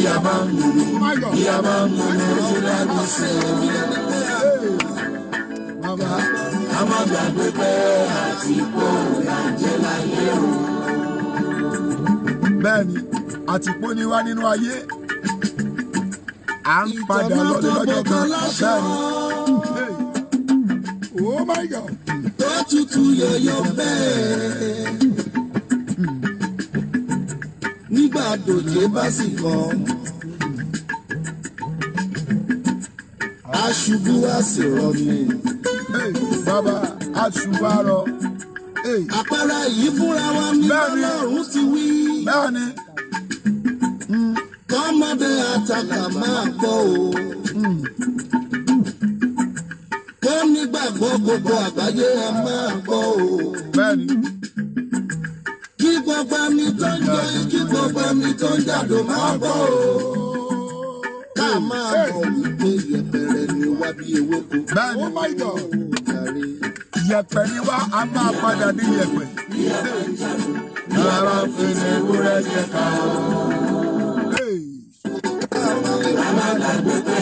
bí a bá ń lòlò bí àtìpó ni wá nínú ayé à ń padà lọ́dẹ lọ́jọ́ kan bẹ́ẹ̀ni. oh my god. tó tutù yóyó bẹ́ẹ̀. dòjé bá sì kọ. aṣubú wá sì rọ mi. bàbá aṣubú á rọ. àpárá yìí fúnra wa ní ọlọ́run ti wí. bẹ́ẹ̀ni. Hmm. kọ́mọdé àtàkà máa gbọ́ o. Hmm. kó nígbàgbọ́ gbogbo àgbáyé ẹ máa gbọ́ o. bẹ́ẹ̀ni. kí gbogbo ẹni tó ń jẹ ẹgbẹ́ mi tó ń dàdó máa bọ̀ o. ká máa bọ̀ wípé yẹpẹrẹ ni wá bí ewéko. bẹ́ẹ̀ni ó oh máa jọ yẹ̀pẹ̀ ni wá a máa padà ní yẹ̀pẹ̀. yàrá fèrè wúrẹ́ jẹ ká o. alágbàgbé pé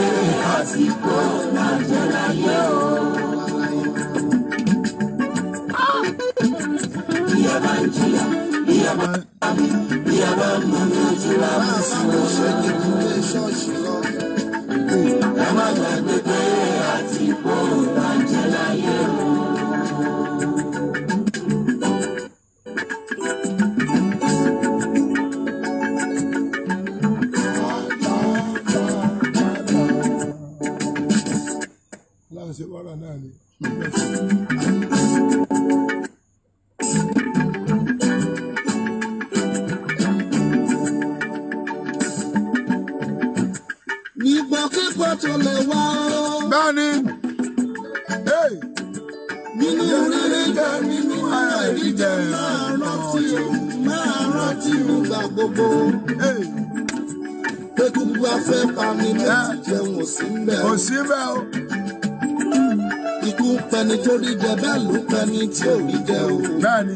àsìkò máa jẹ́ ìyá bá mú mi ìtura mú ìsinmi ọ̀sẹ̀ ní ilé ṣọ́ọ̀ṣì lọ. ẹ má ni. gbogbo egungun afẹ́ pa mi láti jẹun ò sí mbẹ́. ò sí mbẹ́ o. ikú ń pẹni tó rí jẹ bẹ́ẹ̀ ló pẹni tí ò rí jẹ o. bẹ́ẹ̀ni.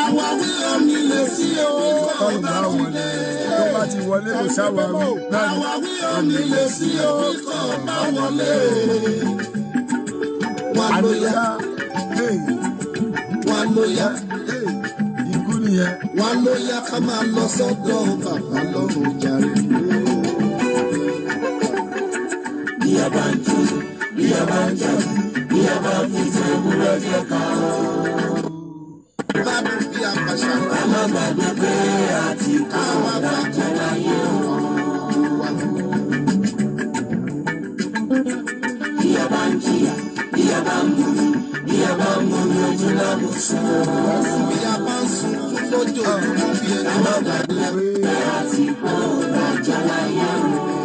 àwa wí omi lè sí o. ọlọ́run bá wọlé tó bá ti wọlé kò sáwà wí. àwa wí omi lè sí o. kò bá wọlé. wà lóya. wà lóya yẹn wá ló yá ká máa lọ sọ́dọ̀ bàbá lọ́rùn jàre ló. bí a bá ń jù bí a bá ń jà bí a bá fi ṣe ewúrẹ́ jẹ ká. bá mi bí apàṣà náà. a má gbàgbé pé a ti kó ọ̀dà jẹ́ láyé o. bí a bá ń jìyà bí a bá ń bomi bí a bá ń bomi ojú lábùsùn. bí a bá ń sùn lójoojúmọ́ bí ẹni má gbàgbé. bàrà tí kò bàjẹ́ láyé o.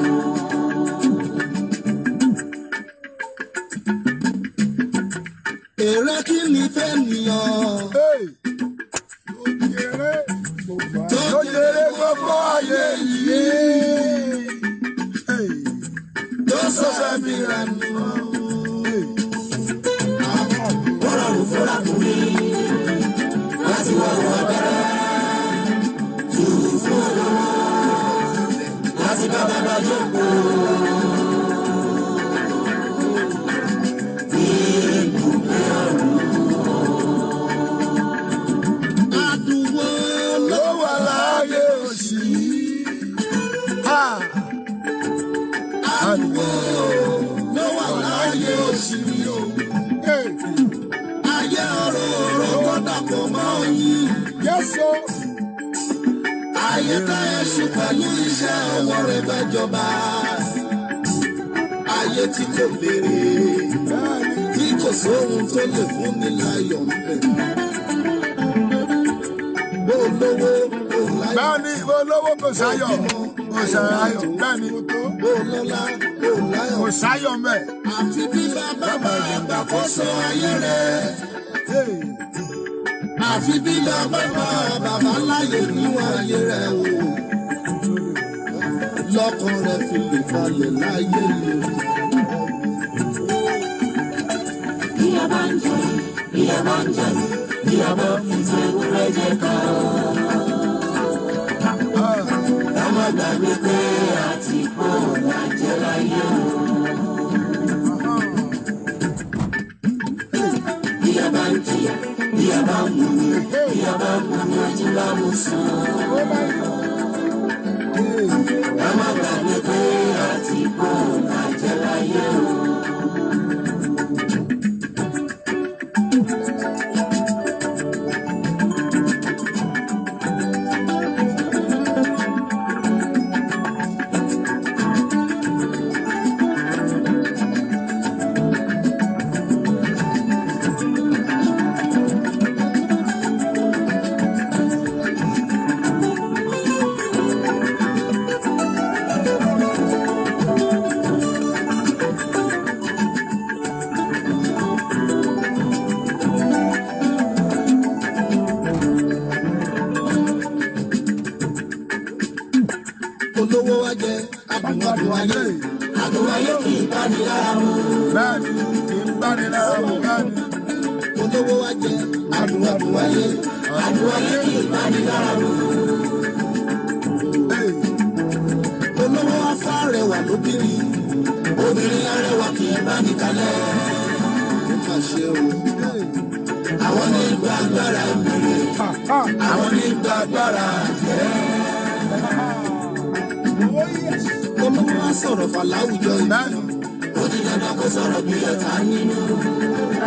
ní láyọ̀ ńlẹ̀. Bó lówó kò láyọ̀. Bẹ́ẹ̀ni bó lówó kò sáyọ̀ kò sáyọ̀ bẹ́ẹ̀ni. Bó lọ́lá kò láyọ̀. Kò sáyọ̀ Àfi bí bàbá àgbàkóso ayé rẹ̀. Àfi bí bàbá bàbá láyè níwọ̀n ayé rẹ̀ o. Lọ́kàn rẹ̀ fi lè balẹ̀ láyé rẹ̀ bí a bá ń jẹun a bá fi ti ewúrẹ́ jẹ ká o. ká má gbàgbé pé àti kó la a bá ń jìyà a bá ń mú a bá ń mú ní ojú bá mú sùn. ká má gbàgbé pé láyé o.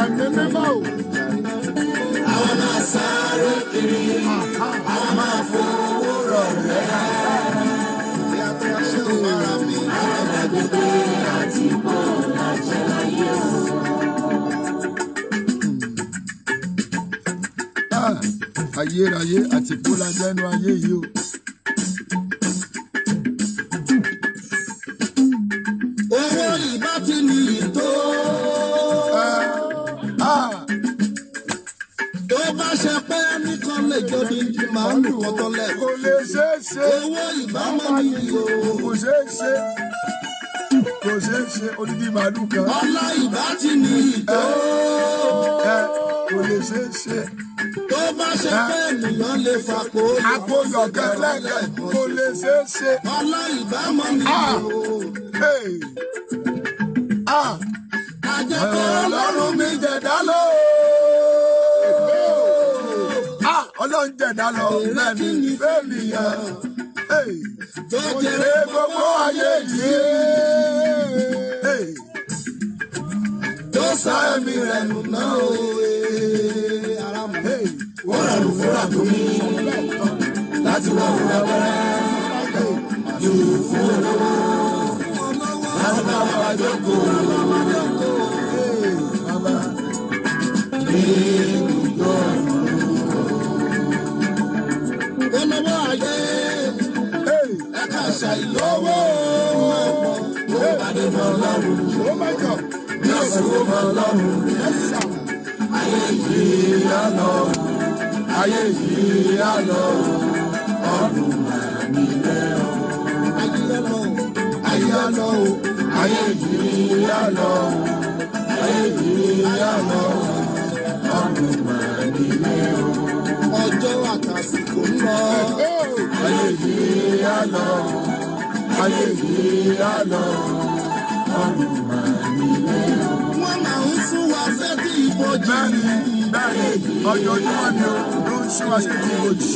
ẹ̀mí mímọ́ o. àwọn máa sáré kiri àwọn máa fowó rọ̀ lẹ́yà. ìyàtọ̀ aṣẹ́wó ara mi. àwọn àgbègbè àti ìbọn àjẹ́ láyé o. ayérayé àti kóládẹ́nu ayé yìí o. máa ń lù wọ́n tọ́lẹ̀. kò lè ṣeé ṣe. owó ìbámu mi ni o. kò ṣeé ṣe kò ṣeé ṣe odidi màálù kan. ọlá ìbátí ni ìtò. kò lè ṣeé ṣe. tó bá ṣe pé ènìyàn lè fa kó. àpòyọ̀ kẹlẹ́kẹ̀ kò lè ṣeé ṣe. ọlá ìbámu ni ìtò. ajẹ́kọ̀ọ́ ọlọ́run mi jẹ̀dá lóò. ẹ̀dá lọ lẹ́mí ìfẹ́ mi yàn. Tó jèrè gbogbo ayé yìí. Tó sá ẹ̀mí rẹ̀ nù náà o. Wọ́n rà lù fúnra tó mú láti wá òun abẹ́rẹ́. Yòò fún olówó. Láti bá wa jókòó. Bàbá àìlówó ló bá dé mọ lọ́rùn. Bí òṣèlú mọ lọ́rùn. Ayé yìí á lọ. Ayé yìí á lọ. Ọdún màmí lẹ́rọ̀. Ayé lọ. Ayé lọ. Ayé yìí á lọ. Ayé yìí á lọ. kò ń lọ. ayé yìí á lọ ayé yìí á lọ ọrùn màá nílé. wọ́n máa ń sún wa fẹ́ kí ibojì. bẹ́ẹ̀ni bẹ́ẹ̀ni ọjọ́júmọ́ ni ó ló ń sún wa fẹ́ kí ibojì.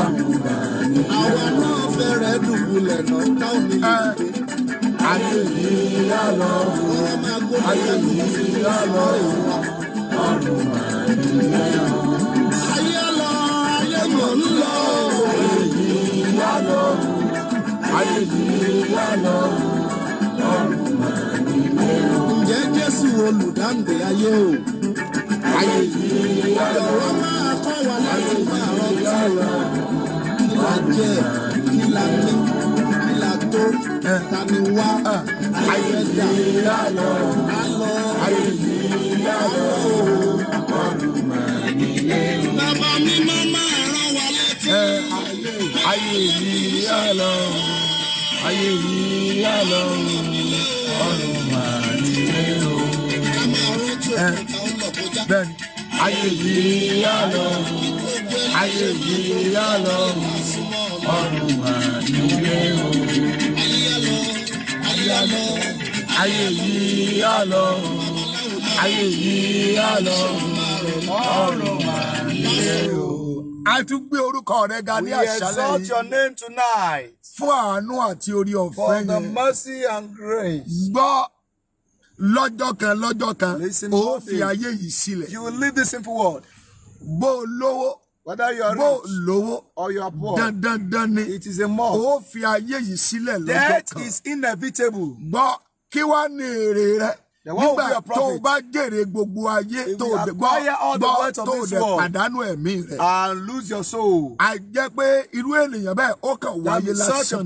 ọrùn màá nílé. àwa náà fẹ́rẹ̀ dùbúlẹ̀ náà táwọn mi yìí ayé yìí lọ ayé yìí yá lọ ǹjẹ́ jésù olùdáǹdè ayé o ayé yìí ọ̀rọ̀ máa kọ́ wa láti máa rántí ọ̀rọ̀ kí la jẹ́ kí la ní kí la tó ta ni wá ayé yìí á lọ ayé yìí á lọ bàbá mi máa máa rán wa létí ayé yìí á ayé yìí àlọ́ ọ̀run máa nílé o. bẹ́ẹ̀ni ayé yìí àlọ́ ayé yìí àlọ́ ọ̀run máa nílé o. ayé yìí àlọ́ ayé yìí àlọ́ ọ̀run máa nílé o. a tún gbé orúkọ rẹ ga ní àṣálẹ́ yìí. we exalt your name tonight fún àánú àti orí ọ̀fẹ́ yẹn. for the mercy and grace. gbọ́ lọ́jọ́ kan lọ́jọ́ kan ó fi ayé yìí sílẹ̀. you will leave this simple world. bó o lówó whether you are rich bó lówó or you are poor dandandan ni it is a must ó fi ayé yìí sílẹ̀ lọ́jọ́ kan death is inevitable. gbọ́ kí wàá ní èrè rẹ nígbà tó o bá jèrè gbogbo ayé tó o gbọ́ gbọ́ tó o dẹ̀ pàdánù ẹ̀mí rẹ̀. and lose your soul. a jẹ́ pé irú ènìyàn bẹ́ẹ̀ ó kàn wáyé lásán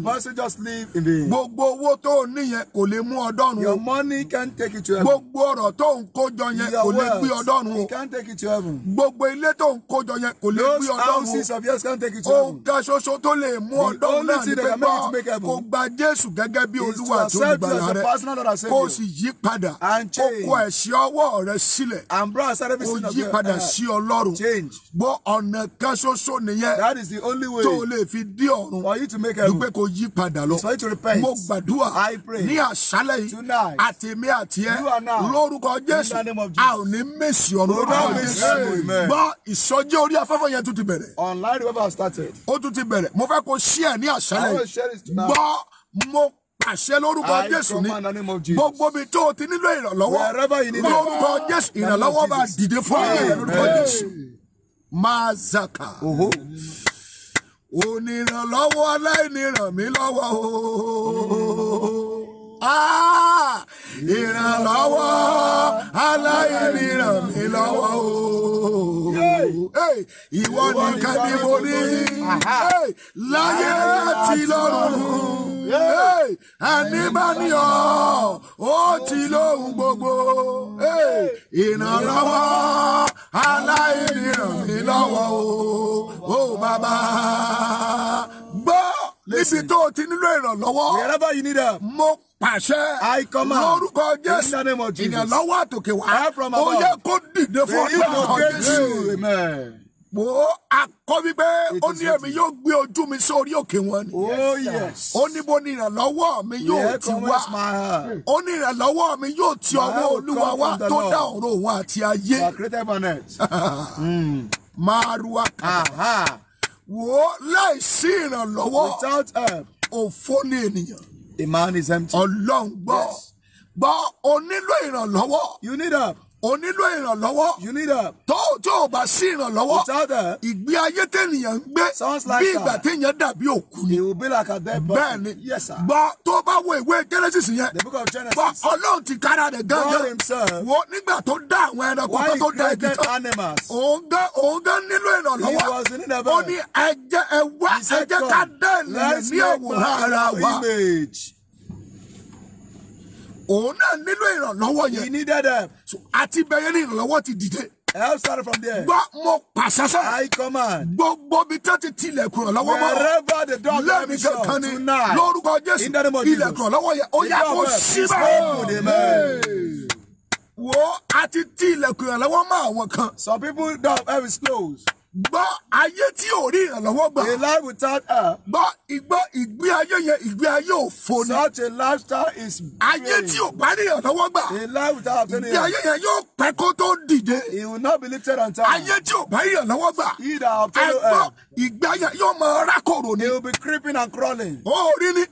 ni. in vain. gbogbo owó tó o ní yẹn kò lè mú ọdọ́run. your money can take it to heaven. gbogbo ọ̀rọ̀ tó ń kójọ yẹn kò lè gbé ọdọ́run. it can't take it to heaven. gbogbo ilé tó ń kójọ yẹn kò lè gbé ọdọ́run. those houses of yours can't take it to heaven. ohun kan ṣoṣo tó lè mú ọdọ́run náà ni pé kó gba Jésù gẹ́gẹ́ bí Olúwa tó gbàlá rẹ̀ kó sì yí padà and change. ó ọwọ́ rẹ sílẹ̀. and brown sáré fi sínú ọgbẹ́. ó yí padà uh-huh. sí ọlọ́run. change. gbọ́ ọ̀nà kan nìyẹn. that is the only way. tó o lè fi dí ọ̀run. for you to make heaven. dúpẹ́ kó yí padà lọ. it's for you to repent. mo gbàdúrà. I pray. ní àṣálẹ̀ yìí. tonight. àti mi àti ẹ. you are now. lórúkọ Jésù. in the name of Jesus. a ò ní mèsì ọ̀run. lórúkọ Jésù. gbọ́ ìsọjí orí afẹ́fẹ́ yẹn tún ti bẹ̀rẹ̀. online the web has started. ó tún ti bẹ̀rẹ̀ mo fẹ́ kó ṣí ẹ̀ ní àṣálẹ̀ yìí. I will share it tonight. gbọ́ mo pàṣẹ lórúkọ Jésù ni gbogbo mi tó o ti nílò ìrànlọ́wọ́ lórúkọ Jésù ìrànlọ́wọ́ máa dìde fún mi lórúkọ Jésù máa zaka onírànlọ́wọ́ aláìní ràn mí lọ́wọ́ o. Oh. Ah, ìrànlọ́wọ́ aláìní ràn mí lọ́wọ́ o. ìwọ nìkan ni mo ní láyé àti lọ́run ẹni bá ní ọ ó ti lóhun gbogbo ìrànlọ́wọ́ aláìní ràn mí lọ́wọ́ o oh, bàbá níbi tó o ti nílò ìrànlọ́wọ́. wherever you need help. mo pàṣẹ. I come out. lórúkọ Jésù. in the name of Jesus. ìrànlọ́wọ́ àtòkè wá. help from above. ó yẹ kó dìde fún ọ̀tá ọ̀gá Jésù. amen akọ wípé ó ní èmi yóò gbé ojú mi sórí òkè wọn ni oh, ó ní bo ní ìrànlọ́wọ́ mi yóò ti wá ó ní ìrànlọ́wọ́ mi yóò ti ọwọ́ Olúwa wá tó dá ọ̀run òun àti ayé. maruwa hmm. kàdà. without help. òfò ni the man is empty. Alone, but, but o nílò ìrànlọ́wọ́. you need help. o nílò ìrànlọ́wọ́. you need help. tó tó o bá sí ìrànlọ́wọ́. without help. ìgbé ayé tènìyàn ń gbé. sounds like that. bí ìgbà téèyàn dàbí òkú ni. it will be like a dead body. bẹ́ẹ̀ni yes sir. gbọ́ tó bá wo ìwé Genesis yẹn. the book of Genesis. gbọ́ ọlọ́run ti kára rẹ̀ gángan. God himself. wo nígbà tó dá àwọn ẹranko kan tó dá ibi tán. why he created animals. òun gan òun gan nílò ìrànlọ́wọ́. he was in need of help. ó ní ẹ jẹ́ ẹ wá ẹ ká dá ní àwòrán ara wa òun náà nílò ìrànlọ́wọ́ yẹn. he needed help. àti bẹ̀yẹ ní ìrànlọ́wọ́ ti dìde. help started from there. gbọ́ mo pàṣẹ I command. gbogbo mi tẹ́ ti tilẹ̀kùn ìrànlọ́wọ́ mọ́. wherever the door let me show tonight. lórúkọ Jésù ilẹ̀kùn ìrànlọ́wọ́ yẹn ó yà kó síbẹ̀. wo àti tilẹ̀kùn ìrànlọ́wọ́ mọ́ àwọn kan. some people don't have it closed gbọ́ ayé tí ò rí ìrànlọ́wọ́ gbà. a life without help. gbọ́ igbó ìgbé ayé yẹn ìgbé ayé òfo ni. such a lifestyle is pain. ayé tí ò bá rí ìrànlọ́wọ́ gbà. a life without help. ìgbé ayé yẹn yóò pẹ́ kó tó dìde. he will not be lifted on time. ayé tí ò bá rí ìrànlọ́wọ́ gbà. he that obtain help. ẹgbọ́ ìgbé ayé yóò máa rákòrò ni. he will be creeping and crawling. ó rí ni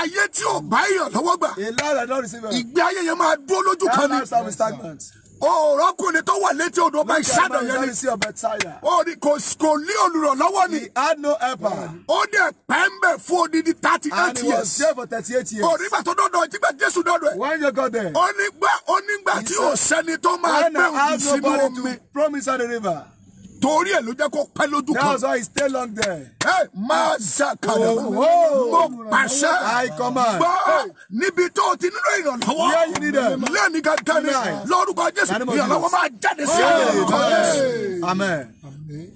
ayé tí ò bá ìrànlọ́wọ́ gbà. a life that don't receive help. ìgbé ayé yẹn máa dúró lójú kan ni. that life shall be stagnant òrọ́kùnrin tó wà létí odò ọba ìsádọ̀ yẹn ni orí kò lé olùrànlọ́wọ́ ni ó dẹ̀ pẹ́ńbẹ̀ fún odidi thirty eight years orí gbà tó dọ́dọ̀ jígbà jésù dọ́dọ̀ ẹ̀ onígbà onígbà tí ò sẹ́ni tó máa gbẹ̀rù sínú omi torí ẹ̀ ló jẹ́ kó pẹ́ lójú kan. that's why he stay long there. ẹ máa ṣàkàlẹ̀ oh, oh. mo pàṣẹ gbọ́ níbi tó o ti nílò ìrànlọ́wọ́ lẹ́ni kankan ni lórúkọ Jésù ìrànlọ́wọ́ máa jáde sí ọ̀rọ̀ kan.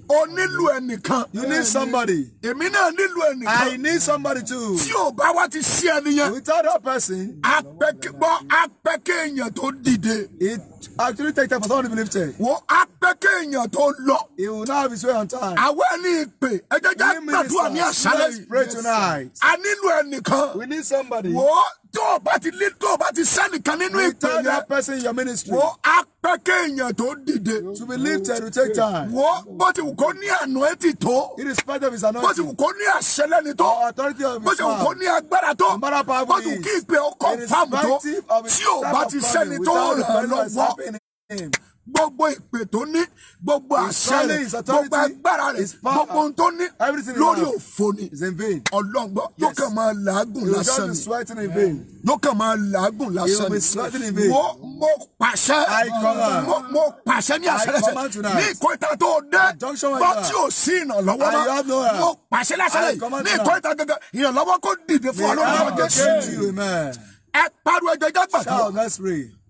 O nílò ẹnìkan. You need somebody. Èmi náà nílò ẹnìkan. I need somebody too. Tí o bá wá ti ṣí ẹni Without that person. Apẹ́kẹ́ gbọ́ apẹ́kẹ́ èèyàn tó dìde. It Actually, take time for someone to believe it. Wo apẹ́kẹ́ èèyàn tó lọ. He will not be swear on time. Àwọn ẹni ìpè ẹjẹ́ jẹ́ gbàdúrà ní Let's pray tonight. A nílò ẹnìkan. We need somebody. Wo tó o bá ti lé tó o bá ti sẹ́nìkan nínú ìpè yẹn. that person in your ministry. wo apẹ́ kéèyàn tó dìde. to be lifted will take time. wo bó ti wù kó ní ànúẹ́tì tó. irrespective of his anointing. bó ti wù kó ní àṣẹlẹ́ni tó. authority of his power. bó ti wù kó ní agbára tó. agbára power bó ti wù kí ìpè ó confam tó. tí o bá ti sẹ́ni tó ràn lọ́wọ́ gbogbo ìpè tó ní gbogbo àṣẹ rẹ̀ gbogbo agbára rẹ̀ gbogbo ohun tó ní lórí òfò ni ọlọ́ngbọ́ yóò kàn máa làágùn lásán ni yóò kàn máa làágùn lásán ni mo mo pàṣẹ mo mo pàṣẹ ní àṣẹlẹsẹ ní ìkọta tó dé bọ́ tí ò sí ìrànlọ́wọ́ mọ́ mo pàṣẹ lásán ní ìkọta gẹ́gẹ́ ìrànlọ́wọ́ kó dìde fún ọlọ́run ọjọ́ jésù ẹ pariwo ẹjọ́ jágbàdo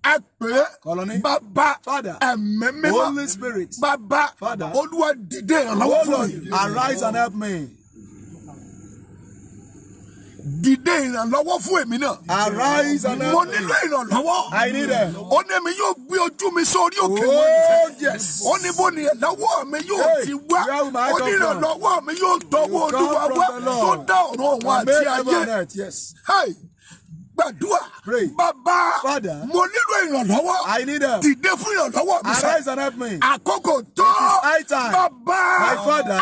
a pè é bàbá ẹ̀mí mímọ́ bàbá olúwa dìde ìrànlọ́wọ́ fún mi. arise and help me. Dìde ìrànlọ́wọ́ fún èmi náà. Arise and help me. Mo nílò ìrànlọ́wọ́. I need it. Ó ní mi yóò gbé ojú mi sórí òkè mọ́ ìfẹ́. Oh, Ó ní bó ni ìrànlọ́wọ́ mi yóò ti wá. Ó ní ìrànlọ́wọ́ mi yóò tọ́wọ́ olúwa wá tó dá ọ̀rọ̀ òun àti ayé gbàdúrà bàbá mo nílò ìrànlọ́wọ́ dìde fún ìrànlọ́wọ́ mi sọ àkókò tó bàbá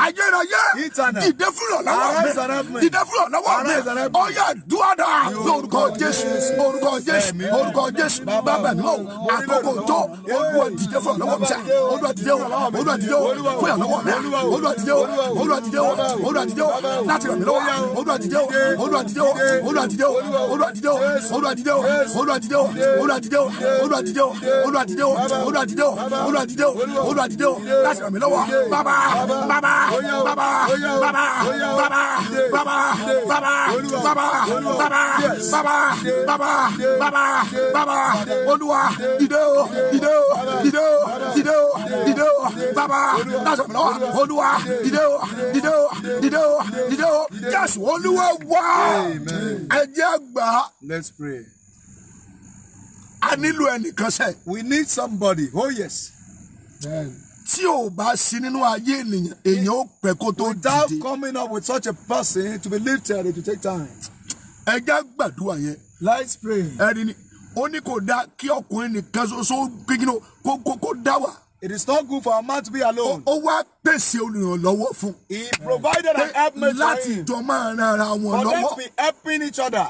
ayérayé dìde fún ìrànlọ́wọ́ mi dìde fún ìrànlọ́wọ́ mi ọ̀yà dúwàdà lórúkọ Jésù orúkọ Jésù orúkọ Jésù bàbá mi ò àkókò tó Olúwa dìde fún ìrànlọ́wọ́ mi sọ Olúwa dìde wọ Olúwa dìde wọ fún ìrànlọ́wọ́ mi Olúwa dìde wọ Olúwa dìde wọ Olúwa dìde wọ láti ràn mí lọ́wọ́ Olúwa dìde wọ Olúwa dìde wọ Olúwa dìde wọ Olúwa dìde wọ. Olúwa dìde o Olúwa dìde o Olúwa dìde o Olúwa dìde o Olúwa dìde o Olúwa dìde o Olúwa dìde o Olúwa dìde o láti ràn mí lọ́wọ́ bàbá bàbá bàbá bàbá bàbá bàbá bàbá bàbá bàbá bàbá bàbá bàbá bàbá Olúwa dìde o dìde o dìde o dìde o dìde o bàbá láti ràn mí lọ́wọ́ Olúwa dìde o dìde o dìde o dìde o Jésù Olúwa wá ẹ jẹ́ gbà. Let's pray. A nílò ẹnìkan sẹ́. We need somebody. Oh yes. Tí o bá sí nínú ayé ènìyàn, èèyàn ó pẹ́ kó tó dìde. Without coming up with such a person to be lifted, it will take time. Ẹ gbàdúrà yẹn. Let's pray. Ẹ ni, ó ní kò dá kí ọkùnrin nìkan ṣoṣo kékeré kó kó kó dá wà. It is not good for a man to be alone. Ó wá pèsè olùrànlọ́wọ́ fún. He provided an helpmate for him. Láti jọ máa ran ara wọn lọ́wọ́. For them to be helping each other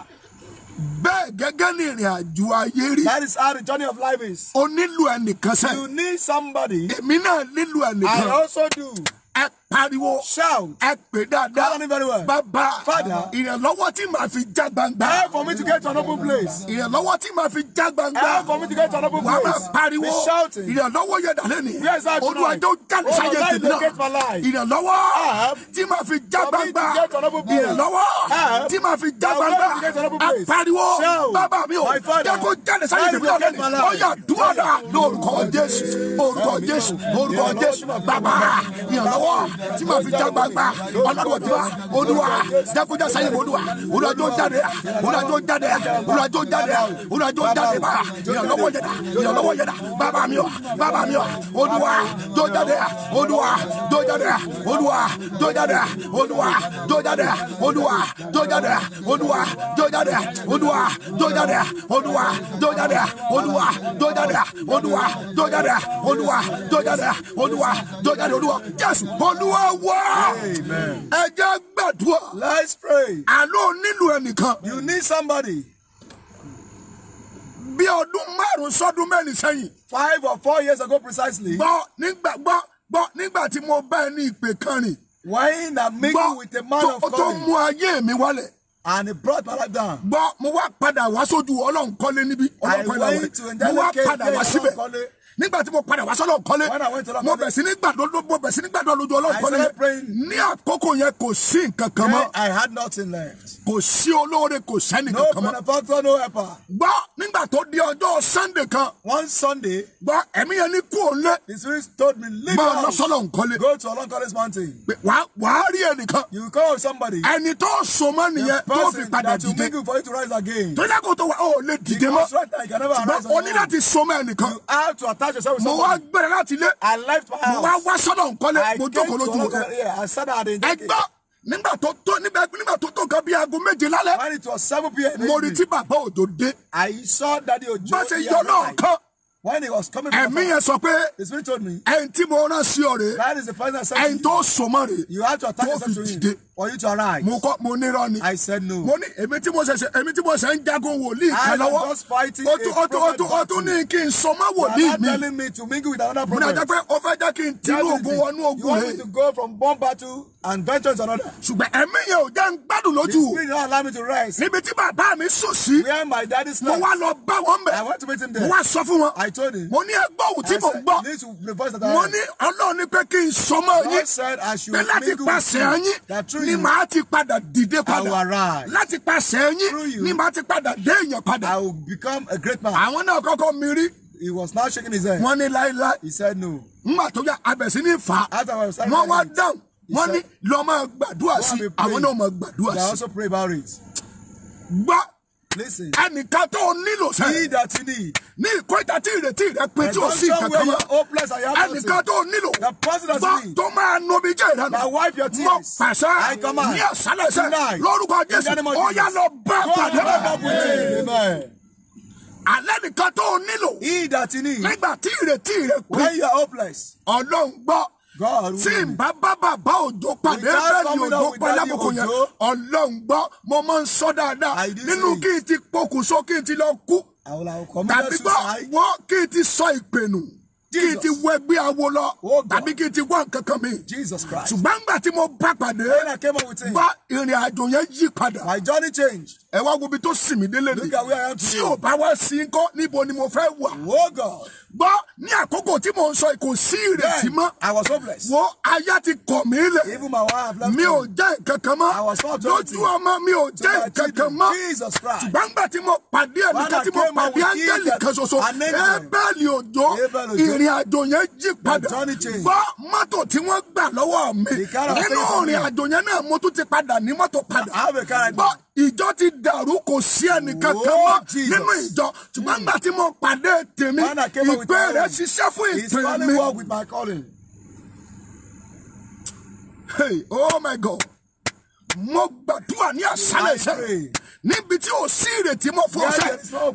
bẹ́ẹ̀ gẹ́gẹ́ ni ìrìn àjò ayé rí. that is how the journey of life is. o nílò ẹnìkan sẹ́. you need somebody. èmi náà nílò ẹnìkan. I also do pariwo. shout. ẹ pè dáadáa. call me very well. bàbá. father. ìrànlọ́wọ́ tí màá fi já gbangba. help for me to get to place. ìrànlọ́wọ́ tí màá fi já gbangba. help for me to get to place. wàá máa pariwo. be shouting. ìrànlọ́wọ́ yẹn dà lẹ́nu. yes i do not. olùwàjò jáde sáyé tèmi náà. ìrànlọ́wọ́ tí màá fi já gbangba. ìrànlọ́wọ́ tí màá fi já gbangba. pariwo. bàbá mi o. jẹ́ kó jáde sáyé tèmi náà ó yà dúró lórúkọ Jésù. orúkọ Jésù. orúkọ Jésù. bàbá ìrànlọ́wọ́ tí màá fi já gbangba ọlọ́dún olúwa jákújá sáyẹ̀wò olúwa olùwàjò jáde olùwàjò jáde olùwàjò jáde olùwàjò jáde bá ìrànlọ́wọ́ yẹ̀dá ìrànlọ́wọ́ yẹ̀dá bàbá mi wa bàbá mi wa olúwa jó jáde olúwa jó jáde olúwa jó jáde olúwa jó jáde olúwa jó jáde olúwa jó jáde olúwa jó jáde olúwa jó jáde olúwa jó jáde olúwa jó jáde olúwa jó jáde olúwa jó jáde olúwa jésù olúwa olúwa wá. ẹ jẹ́ gbàdúrà. let's pray. àlọ́ nílò ẹnìkan. you need somebody. bí ọdún márùn-ún mẹ́rin sẹ́yìn. five or four years ago precisely. gbọ́ nígbà gbọ́ gbọ́ nígbà tí mo bá ẹ ní ìpè kan rìn. when i meet you with a man of God. tó mú ayé mi wálẹ̀. And he brought my life down. Gbọ́ mo wá padà wá sójú Ọlọ́run kọ́lé níbí. Ọlọ́run kọ́lé àwọn ẹ̀. I went to Ndẹ́lẹ́kẹ́ ilé Ọlọ́run kọ́lé nígbà tí mo padà wá sọ́lọ́ kọ́lé mo bẹ̀ sí ní gbàdọ́ mo bẹ̀ sí ní gbàdọ́ lójú ọlọ́run kọ́lé ní àkókò yẹn kò sí nǹkan kan mọ́ kò sí olóore kò sẹ́ni kankan mọ́ gbọ́ nígbà tó di ọjọ́ sunday kan gbọ́ ẹ̀mí yẹn ní kú òǹlé máa lọ sọ́lọ́ nkọ́lé wàá rí ẹnìkan ẹni tó sọmọ nìyẹn tó fi padà dìde tó yẹ kó tó wà ó lè dìde mọ́ ṣùgbọ́n o ní láti sọmọ ẹnìkan attached yourself with someone. mo wá gbẹrẹ láti ilé. I left my house. mo wá wá sọ́dọ̀ nkọ́lé. mo jókòó lójú òkè. I sat down and. ẹgbọ́n nígbà tó tó nígbà nígbà tó tó nǹkan bíi aago méje lálẹ́. when it was seven pm. mo rí tí bàbá òjò dé. I saw Daddy Ojo. bá a ṣe yọ náà kán. when he was coming from ẹ̀mí yẹn sọ pé the spirit told mo rán sí ọ rè. that is the person I sent to you. ẹ̀ǹtó sọmọ rè. you had to attach yourself to him for you to arise. mo kọ́ mo nírọ́ ni. I said no. mo ní èmi tí mo ṣẹ̀ṣẹ̀ èmi tí mo ṣẹ̀ ń jagun wòlíì kan I am just fighting a prophet. o tún o tún o tún ní kí n sọ má wòlíì mi. you are not telling me to mingle with another prophet. mo ní àjẹpẹ́ o fẹ́ jẹ́ kí n tinú ogun wọnú ogun rẹ. you want me to go from one battle and venture to another. ṣùgbọ́n ẹ̀mí yẹn ò jẹ́ ń gbádùn lójú. the spirit don allow me to rise. níbi tí bàbá mi sùn sí. where my daddy now? mo wá lọ bá wọn bẹ̀. I want to meet him there. mo wá sọ fún wọn. I told him. mo ní ẹgbọ́ òwú tí mo gbọ́. I said need to reverse that. mo ní ọlọ́run pé kí n sọ yín. God said I should make you. pé láti pàṣẹ yín. that true ni màá ti padà dìde padà láti pàṣẹ yín ni màá ti padà dé èèyàn padà. I will become a great man. àwọn náà kọ́kọ́ mi rí. He was now shaking his head. wọ́n ní láéláé. He said no. ngbà tó yá abẹ̀sí ní fa. after I was starting wọ́n wá dáhùn wọ́n ní lọ́ọ́ máa gbàdúrà sí i àwọn náà máa gbàdúrà sí i. They also pray about it. gbọ́ ẹnìkan tó o nílò sẹ ní ìkó ìtàtí ìrètí rẹ pé tí o sì kankan mọ́ oh, ẹnìkan tó o nílò gbọ́ tó máa nomi jẹ́ rẹ nù mọ pàṣẹ ní àṣálẹ́ sẹ lórúkọ Jésù ó yá lọ bá pàdé bẹ́ẹ̀ alẹ́ nìkan tó o nílò nígbà tí ìrètí rẹ pé ọlọ́run gbọ́ tí n bá bá bàbá òjò pàdé bẹ́ẹ̀ ni òjò pàdé àkókò yẹn ọlọ́run gbọ́ mo máa ń sọ dáadáa nínú kí n ti pokùnso kí n ti lọ kú tàbí gbọ́ wọ́n kí n ti sọ ìpè kí n ti wọ ẹgbẹ́ awo lọ oh, tàbí kí n ti wọ nǹkan mi. ṣùgbọ́n nígbà tí mo bá pàdé bá ìrìn àjò yẹn yí padà. my journey changed ẹ wá wo tó sì mí délé ni tí ò bá wá sí ń níbo ni mo fẹ́ wà gbọ́ ní àkókò tí mò ń sọ kò sí ìrètí mọ́ wo aya ti kọ̀ mí lẹ̀ mi ò jẹ́ nǹkan kan mọ́ lójú ọmọ mi ò jẹ́ nǹkan kan mọ́ ṣùgbọ́n tí mo pàdé ẹnìkan tí mo pàdé ángẹ́lì kan ṣoṣo ẹbẹ́ẹ̀lì òjò ìrìn àjò yẹn jí padà gbọ́ mọ́tò tí wọ́n gbà lọ́wọ́ mi nínú ìrìn àjò yẹn náà mo tún ti padà ní mọ́tò padà gbọ́ ìjọ ti dàrú kò sí ẹnìkan kan mọ́ oh, nínú ìjọ ṣùgbọ́n hmm. nígbà tí mo pàdé tèmi ìpè rẹ̀ ṣiṣẹ́ fún ìtàn mi. Hey, oh my God mo gbàdúrà ní àṣálẹ́ iṣẹ́ níbi tí ò sí ìrètí mọ́ fún ọṣẹ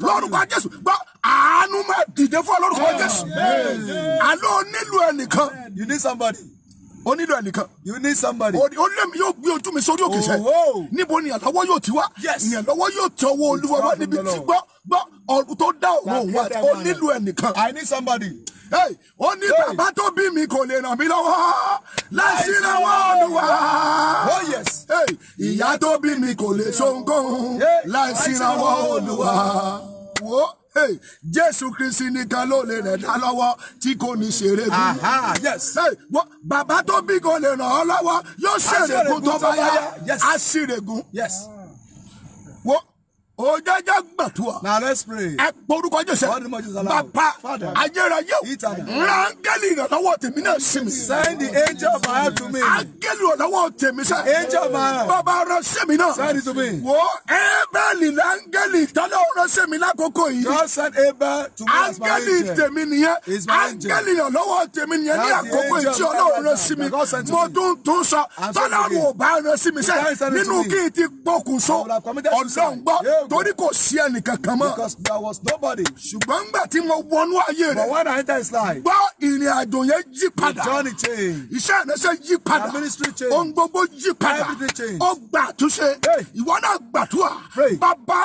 lórúkọ jésù gbọ́ àánú máa dìde fún ọ lórúkọ jésù àlọ́ nílùú ẹnìkan. You need somebody ó ẹnìkan. you need somebody. ó lé mi yóò gbé ojú mi sórí òkè sẹ́. Oh, oh. níbo ni àlọ́wọ́ yóò ti wá. yes ìrànlọ́wọ́ yóò ti ọwọ́ olúwa wá níbi tí gbọ́ gbọ́ ọ̀rùn tó dá òun òun àti ó nílò ẹnìkan. I need somebody. Hey, ó ní bàbá tó bí mi kò lè ràn mí lọ́wọ́ láìsínáwó olúwa. Oh yes. Ìyá tó bí mi kò lè ṣohunkóhun láìsínáwó olúwa. Wo jésù kristi nìkan ló lè rẹ̀ dá lọ́wọ́ tí kò ní ṣeré bí. bàbá tó bí kò lè ràn ọ́ lọ́wọ́ yóò ṣèrègùn tó bá yá á ó jẹ́jẹ́ gbàdúrà. na let's pray. ẹ gborúkọ jésù. wọ́n ní mo jésù aláwọ̀. bàbá ajẹ́rayé o. rángẹ́lì ìrànlọ́wọ́ tèmi náà sí mi. send the angel of my to me. ángẹ́lì ìrànlọ́wọ́ tèmi sẹ́. angel of my help. bàbá rán sí mi náà. send it to me. wo ẹ́bẹ̀lì rángẹ́lì ìtọ́lẹ̀ rán sí mi lákòókò yìí. just send Abel to me as my angel. ángẹ́lì tèmi nìyẹn. is my angel. ángẹ́lì ìrànlọ́wọ́ tèmi nìyẹn ní àkókò ìtí ọlọ́run rán sí mi. mo tún tún sọ tọ́lá torí kò sí ẹnìkankan mọ́. because there was nobody. ṣùgbọ́n ngbà tí mo wọnú ayé rẹ̀. but when I enter his life. gbọ́ ìrìn àjò yẹn yí padà. the journey changed. iṣẹ́ ìrẹsẹ̀ yí padà. the ministry changed. ohun gbogbo yí padà. everything changed. ó gbà àtúnṣe. ìwọ náà gbàdúrà. pray bàbá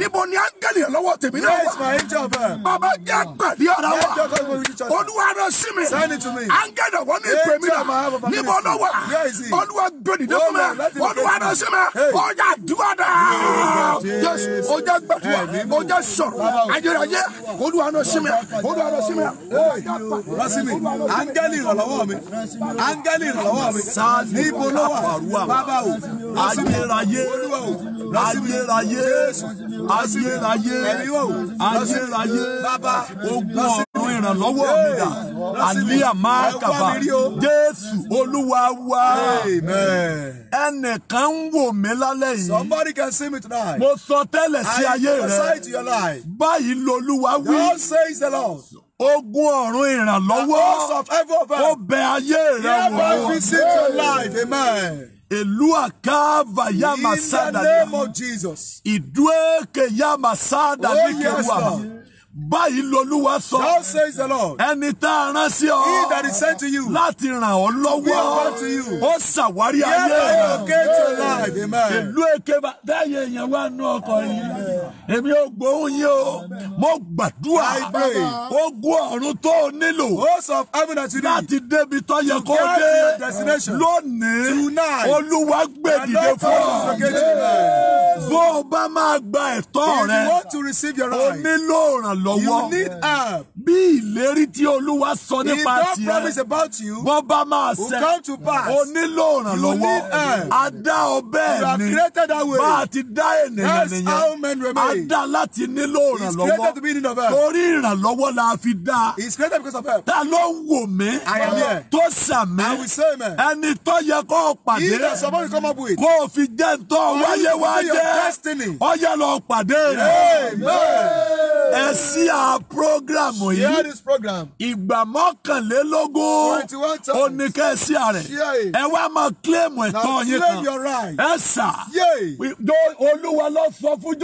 níbo ni áńgẹ́lì lọ́wọ́ tèmi náà wà. praise my angel bell. bàbá jẹ́ pàdé ọ̀rọ̀ wa. olúwa rẹ sí mi. send it to me. angel. wọ́n ní ìpè mi náà. níbo ló wà. olúwa gbèdìdé fún mi. olúwa rẹ sí mi. ọjà dúwàdà. jésù ó jẹ́ gbàdúrà ó jẹ́ sọ̀rọ̀ ayérayé olúwa lọ sí mi olúwa lọ sí mi. rọ́sí mi áńgẹ́lì ìrànlọ́wọ́ mi áńgẹ́lì ìrànlọ́wọ́ mi níbo ló wà bàbá o ayérayé ayérayé ayérayé ayérayé bàbá ogun ìrànlọ́wọ́ mi dà àlíyà máa Jésù Olúwa wa ẹnìkan ń wò mí lálẹ́ yìí. somebody can see me tonight. mo sọ tẹ́lẹ̀ sí ayé rẹ. báyìí lolúwa wí. God says the Lord. Ogun ọ̀run ìrànlọ́wọ́ ó bẹ ayé rẹ wò. Yẹ́n bá fi sí to life, amen. Eluakava yamasada. In the ní kẹwàá. Báyìí lolúwa sọ. says the Lord. Ẹni tá a rán sí ọ. that is sent to you. Láti ràn ọ́ lọ́wọ́. Will come to you. Ó ṣàwárí ayé. Yẹ́n lọ gate to life. Amen. Ìlú èké bá dáyé èèyàn wá nú ọkọ̀ yìí. Èmi ò gbóhùn yín o. Mo gbàdúrà. I pray. Ogún ọ̀run tó o nílò. Host of heaven and today. Láti débi tó yẹ kó dé. To get your destination. Lónìí. Tonight. Olúwa gbèdìde fún ọ. Bó o bá máa gba ẹ̀tọ́ rẹ. you want to receive your right. O nílò ìrànlọ́wọ́. lọ́wọ́. you need help. bí ìlérí tí olúwa sọ nípa tiẹ̀ bó bá máa ṣẹ o nílò ìrànlọ́wọ́ a dá ọ bẹ́ẹ̀ ni bá a ti dá ènìyàn nìyẹn a dá láti nílò ìrànlọ́wọ́ torí ìrànlọ́wọ́ la fi dá ta ló ń wò mí tó sàmì ẹni tó yẹ kó o pàdé kó o fi jẹ́ ntọ́ wáyé wáyé ọ yẹ lọ pàdé rẹ̀ ẹ sí a program yìí yìí. hear this program. ìgbà mọ́kànlélógún. twenty one times. ó ní ẹ wá máa claim ẹ̀tọ́ yín kan. claim your right. ẹ sà. yay. olúwa ló sọ fún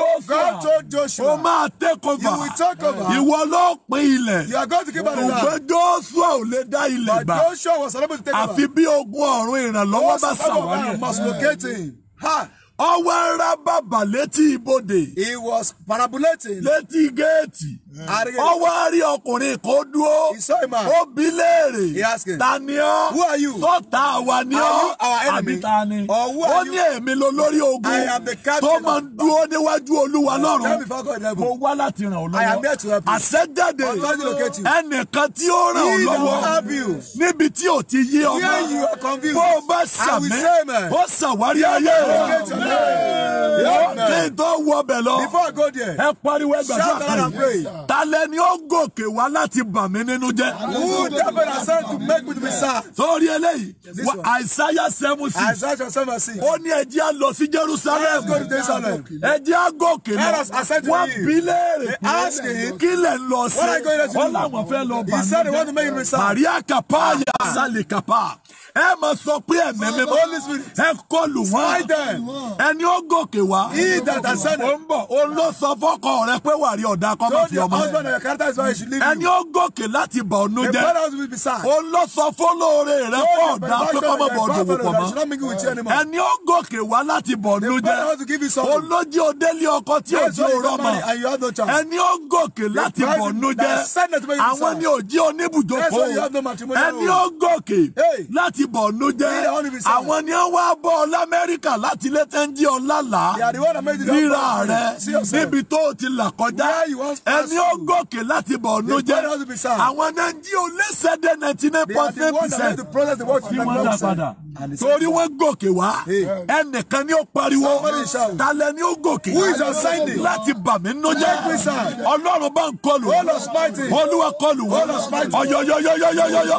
joshua. o máa take over. you take over. ìwọ ló pín ilẹ̀. you are going to keep an eye. ògbé joshua ò lè dá ilẹ̀ gbà. but to take over. àfi bí ogun ọ̀run ìrànlọ́wọ́ bá sàwọn. joshua must locate him. ha ọwọ́ ra bàbà létí ibodè. he was parabolating. létí géètì. Ah, ọwọ́ rí ọkùnrin kó dúró. he saw a man. ó bi léèrè. he asked ta ni ọ́. who are you. sọ́tà wa ni ọ́. are you our enemy. àbí ta ni. or who are you. ó ní èmi lólórí ogun. I am the captain. tó máa ń dúró níwájú olúwa lọ́run. tell me if I go there. mo wá láti ràn ọ́ lọ́wọ́. I am there to help you. àṣẹjáde. authority locate you. ẹnìkan tí ó ràn ọ́ lọ́wọ́. he will help you. níbi tí ò ti yé ọmọ. where you are confused. bó o bá sàmẹ́. I will say man. ó sàwárí ayé rẹ̀ kí n tó wọ bẹ̀ lọ. before I go there. ẹ pariwo ẹgbàá sọ àkàrà. talẹ ni ó gòkè wá láti bà mí nínú jẹ́. who devil has sent to make with me be sad. sórí eléyìí àìsáyà sẹ́mu sí. àìsáyà sẹ́mu sí. ó ní ẹjẹ́ á lọ sí Jerusalem. ẹjẹ́ á gòkè lọ. wọ́n bi léèrè pé kí lẹ̀ ń lọ sí. wọ́n làwọn fẹ́ lọ bà mí. Maria kapaya sálè kapaa ẹ máa sọ pé ẹ̀mí mímọ́ ẹ kọlù wọn ẹni ó gòkè wá ó ń bọ̀ ó ló sọ fọ́kọ rẹ pé wà rí ọ̀dà kọ́ máa fi ọmọ ẹni ó gòkè láti bà ọ́nú jẹ́ ó ló sọ fọ́lóore rẹ pé ọ̀dà pé kọ́ máa bọ̀ ọdún wò mọ́ ẹni ó gòkè wá láti bà ọ́nú jẹ́ ó ló jẹ́ odélé ọkọ tí ò tí ò rọ́mọ ẹni ó gòkè láti bà ọ́nú jẹ́ àwọn ni ò jí oníbùjókòó ẹni ó gòkè láti ti bọ̀ ló jẹ́ àwọn ni wọ́n wá bọ̀ ọ lamẹ́ríkà láti ilé ń jí ọ lálàá ríra rẹ níbi tó o ti là kọjá ẹni ó gòkè láti bọ̀ ló jẹ́ àwọn náà ń jí ọ lẹ́sẹ̀dẹ̀ ninety nine point nine percent kí wọ́n dà padà torí wọ́n gòkè wá ẹnìkan ni ó pariwo talẹ̀ ni ó gòkè láti bà mí nú jẹ́ ọlọ́run bá ń kọlù olúwa kọlù ọyọyọyọyọyọyọ.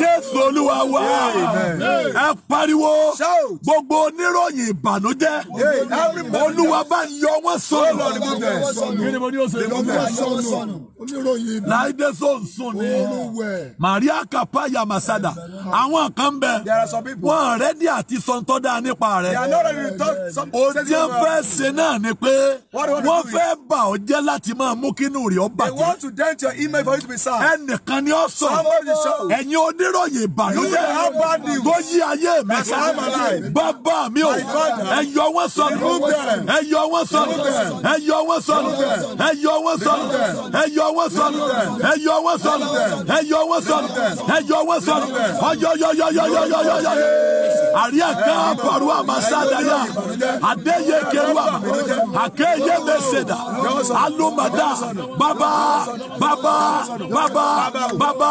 Jésù Olúwa wa ẹ pariwo gbogbo oníròyìn ìbànújẹ́ Olúwa bá yọ wọ́n sọnù oh, láìdé sọ̀nsọ̀n ni Maria kapa yamasada àwọn kan bẹ wọn rẹ́dí àti sọ̀ntọ́dá nípa rẹ̀ o ti ń fẹ́ ṣe náà ni pé wọ́n fẹ́ bà ọ́ jẹ́ láti máa mú kínú rẹ̀ ọ́ bàjẹ́ ẹnìkan ni ọ sọ ẹ̀yin oníròyìn oníròyìn ìbànújẹ́ tó yí ayé mi bàbá mi o ẹ yọ wọ́n sọnù ẹ yọ wọ́n sọnù ẹ yọ wọ́n sọnù ẹ yọ sọnù ẹ yọ sọnù ẹ yọ sọnù ẹ yọ sọnù ẹ yọ wọ́n sọnù ọyọyọyọyọyọyọyọ àríyànká pàrọ̀ àmàsádàyà àdéyé kẹrùwà àkéyé mẹsẹdà alùmàdà bàbá bàbá bàbá bàbá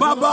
bàbá.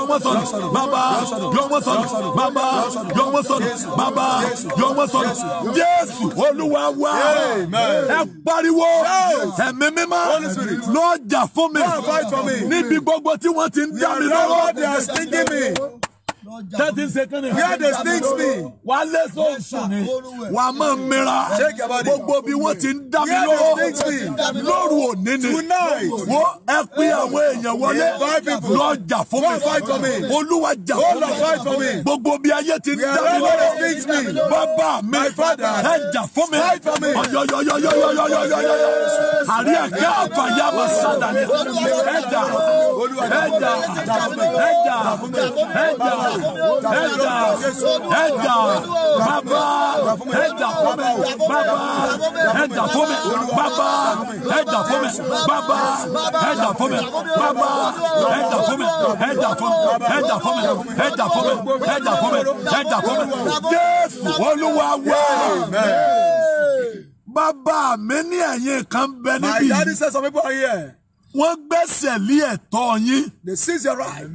yọ wọ́n sọnù bàbá yọ wọ́n sọnù bàbá wa ẹ pariwo ẹ̀mí mímọ́ lọ́jà fún mi níbi gbogbo tí wọ́n ti ń dá mi lọ́wọ́ jẹ́ seconds. ṣe kí ni. where they sting me. wà á lé sóòsù ni. wà á máa mira. gbogbo bí wọ́n ti ń dá mi lọ́wọ́. lóru òní ni. wo ẹ pín àwọn èèyàn wọlé. lọ jà fún mi. olúwa jà fún mi. gbogbo bí ayé ti ń dá mi lọ́wọ́. bàbá mi ẹ jà fún mi. ọ̀yọ̀yọ̀yọ̀yọ̀yọ̀yọ̀yọ̀ àrí ẹ̀ka àfàyà máa sàdánì. ẹ jà ẹ jà ẹ jà ẹ jà ẹ̀dà ẹ̀dà bàbá ẹ̀dà fọ́mẹ̀ bàbá ẹ̀dà fọ́mẹ̀ bàbá ẹ̀dà fọ́mẹ̀ bàbá ẹ̀dà fọ́mẹ̀ bàbá ẹ̀dà fọ́mẹ̀ ẹ̀dà fọ́mẹ̀ ẹ̀dà fọ́mẹ̀ ẹ̀dà fọ́mẹ̀ ẹ̀dà fọ́mẹ̀ ẹ̀dà fọ́mẹ̀ Jésù Olúwa wá. Bàbá mi ní ẹ̀yìn kan bẹ níbí. My daddy says some people are here wọ́n gbẹ́sẹ̀ lé ẹ̀tọ́ yín. they seize your right.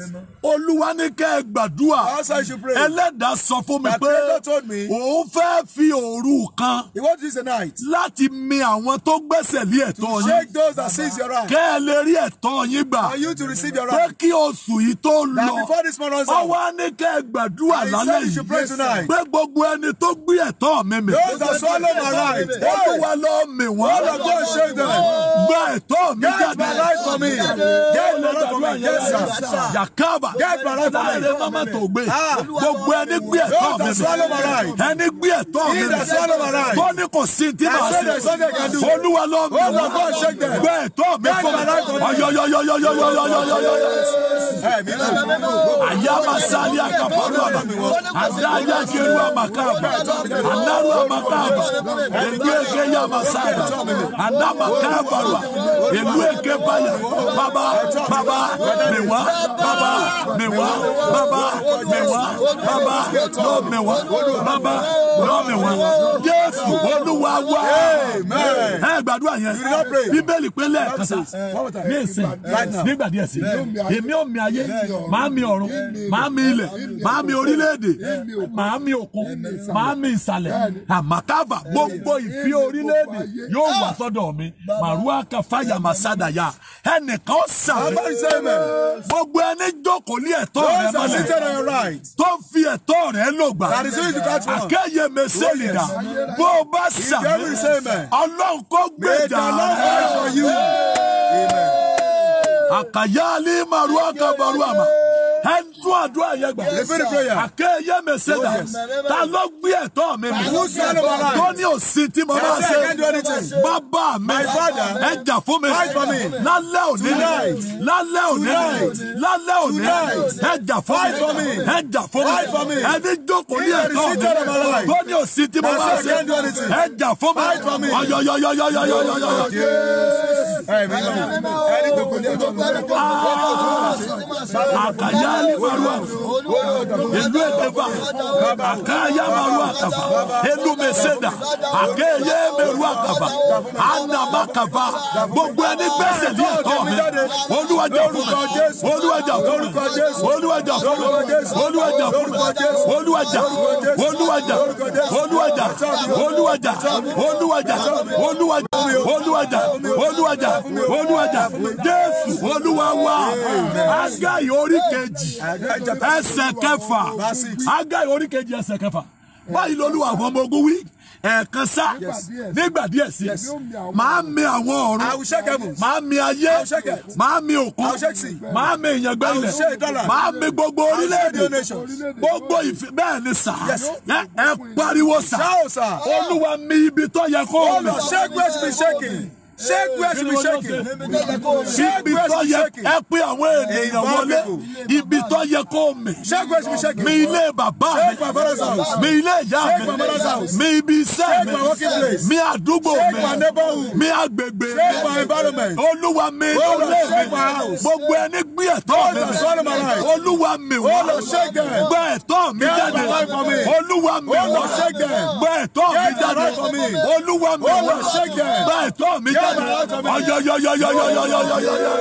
olúwa ní kẹ́ ẹ gbàdúrà. also you should pray. ẹlẹ́dàá sọ fún mi pé. my creator told me. òun fẹ́ fi òru kan. he wants this night. láti mi àwọn tó gbẹ́sẹ̀ lé ẹ̀tọ́ yín. to shake those that seize your right. kẹ́ ẹ lè rí ẹ̀tọ́ yín gbà. for you to receive your right. pé kí oṣù yìí tó lọ. na before this month runs out. ọwọ́ ní kẹ́ ẹ gbàdúrà lálẹ́ yìí. he said you should pray tonight. pé gbogbo ẹni tó gbé ẹ̀tọ́ mi mi. those that swallow my right. olúwa lọ mi wọ́n. all of those shake them. gba ẹ̀tọ́ mi jáde die for me death my life for me yes sir yakaba death my life for me mama tó gbé gbogbo ẹni gbé ẹ̀tọ́ mi mi ẹni gbé ẹ̀tọ́ mi mi tó ní kò sí tí màá sí olúwa lọ mi wá gbé ẹ̀tọ́ mi fún mi ọyọyọyọyọyọyọyọyọ ayámasálí àkàfọ́dọ̀ ọ̀nà àdá ayákeru àmàkàbà anáru àmàkàbà èlú èké yàmásálí àdá àmàkàbà wà èlú èké bá fire. Baba, Baba, me wa, Baba, me wa, Baba, me wa, Baba, Lord me wa, Baba, Lord me wa. Jésù Olúwa wa. Ẹ gbàdúrà yẹn. Bíbélì pé lẹ́ẹ̀kan sá. Ní ìsìn nígbà díẹ̀ sí. Èmi ò mi ayé, màá mi ọ̀run, ma mi ilẹ̀, màá mi orílẹ̀-èdè, màá mi òkun, màá mi ìsàlẹ̀. Àmàkàvà gbogbo ìfi orílẹ̀-èdè yóò wà sọ́dọ̀ mi. Màrúwà kan fàyà màsádà yá ẹnìkan sàmì gbogbo ẹni jókòó lé ẹ̀tọ́ rẹ mọ́lẹ̀ tó fi ẹ̀tọ́ rẹ lògbà akẹ́yẹ mẹsẹ̀lì dà bó o bá sàmì ọlọ́run kó gbèjà rẹ. Akayali maruaka baruama. Yeah tún àdúrà yẹn gbà. repeat prayer. àkéyé mi ṣe dà. Oh, ta ló gbé ẹ̀tọ́ mi mi. tó ní òsì tí mo máa ṣe. bàbá mi ẹ jà fún mi. lálẹ́ òní ni lálẹ́ òní ni lálẹ́ òní ni ẹ jà fún mi. ẹ jà fún mi. ẹni jókòó ní ẹ̀tọ́ mi. tó ní òsì tí mo máa ṣe. ẹ jà fún mi. ọ̀yọ̀yọ̀yọ̀yọ̀yọ̀yọ̀ akaya ni maruwa elu etefa akaya maruwa kafa elu meseda akeye meruwa kafa anaba kafa gbogbo ẹni gbèsè ní ẹ̀tọ́ mi olúwajà fún mi olúwajà fún mi olúwajà fún mi olúwajà fún mi olúwajà olúwajà olúwajà olúwajà olúwajà olúwajà olúwajà olúwajà olùwàjà jésù olúwa wa agayi orí kejì ẹsẹ̀ kẹfà agayi orí kejì ẹsẹ̀ kẹfà báyìí lolúwa àwọn ọmọ ogun wí ẹ̀ẹ̀kan sá nígbà díẹ̀ sí máa mi àwọn ọ̀run máa mi ayé máa mi òkun máa mi ìyàngbẹ́lẹ̀ máa mi gbogbo orílẹ̀-èdè gbogbo ìfẹ́ bẹ́ẹ̀ ni sà ẹ pariwo sà olúwa mi ibi tó yẹ kó o mi ṣé gbé ẹsìn mi ṣèkì ṣé gbé ẹsìn mi ṣèkì ẹ pé àwọn ènìyàn wọlé ibi tó yẹ kó mi ṣé gbé ẹsìn mi ṣèkì mi ilé bàbá mi mi ilé ìyá mi mi ibi iṣẹ́ mi mi àdúgbò mi mi agbègbè mi olúwa mi ilé mi gbogbo ẹni gbé ẹ̀tọ́ mi olúwa mi wá gbé ẹ̀tọ́ mi jáde olúwa mi wá gbé ẹ̀tọ́ mi jáde olúwa mi wá gbé ẹ̀tọ́ mi jáde ọyọyọyọyọyọyọyọyọyọ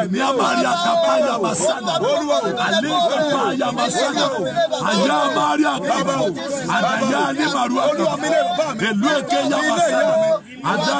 ẹ̀mí amari akapa yamasana ale kapa yamasana aya amari akapa o adaya alimaru akapa elu eke yamasana ada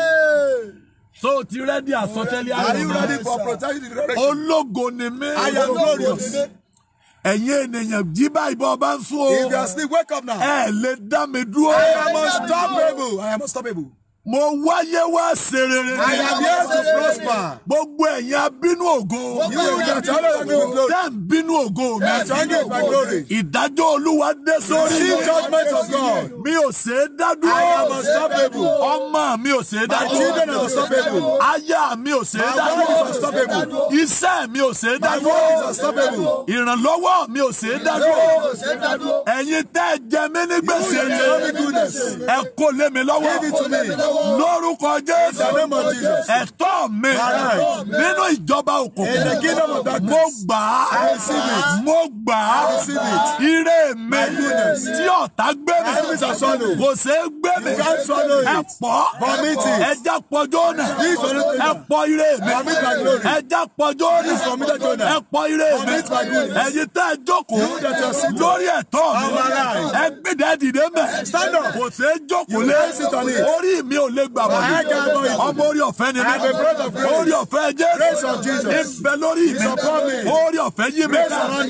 So ti ready àsọtẹ́lẹ̀ ayọ̀. Are you ready for protection? the direction? Ológo ni mí. I am glorious. Ẹ̀yin ènìyàn jí báyìí bọ́ ọba ń sún o. If you are asleep, wake up now. Ẹ lè dá mi dúró. I am unstoppable. I am unstoppable. Mo wáyé wá ṣe rere. I am here to prosper. Gbogbo ẹ̀yin abínú ògo. You will return to Then bínú ògo mi. Return to my glory. Ìdájọ́ Olúwa dé sórí. judgment of God. Mi ò ṣe é dádúró. I am unstoppable. Ọmọ mi ò ṣe é dádúró. My children unstoppable. Aya mi ò ṣe é dádúró. My unstoppable. Iṣẹ́ mi ò ṣe é dádúró. My unstoppable. mi ò ṣe é dádúró. Ẹ̀yin tẹ́ jẹ mí ní gbèsè. Ẹ kò lé mi lọ́wọ́ lọ́wọ́. lórúkọ jésù ẹ̀tọ́ mi nínú ìjọba òkùnkùn mo gbà á mo gbà á ire mi tí ọ̀tá gbé mi kò ṣe é gbé mi ẹ pọ̀ ẹ já pọ̀jọ́ nà ẹ pọ̀ ire mi ẹ já pọ̀jọ́ nà ẹ pọ̀ ire mi ẹ̀yin tẹ́ ẹ jókòó lórí ẹ̀tọ́ mi ẹ gbẹ̀dẹ̀ dìde mẹ́ kò ṣe é jókòó lé orí mi ò lè gbà wọlé ọmọ orí ọ̀fẹ́ ni mi orí ọ̀fẹ́ Jésù ìbẹ̀ lórí mi orí ọ̀fẹ́ yí mi ká mò ń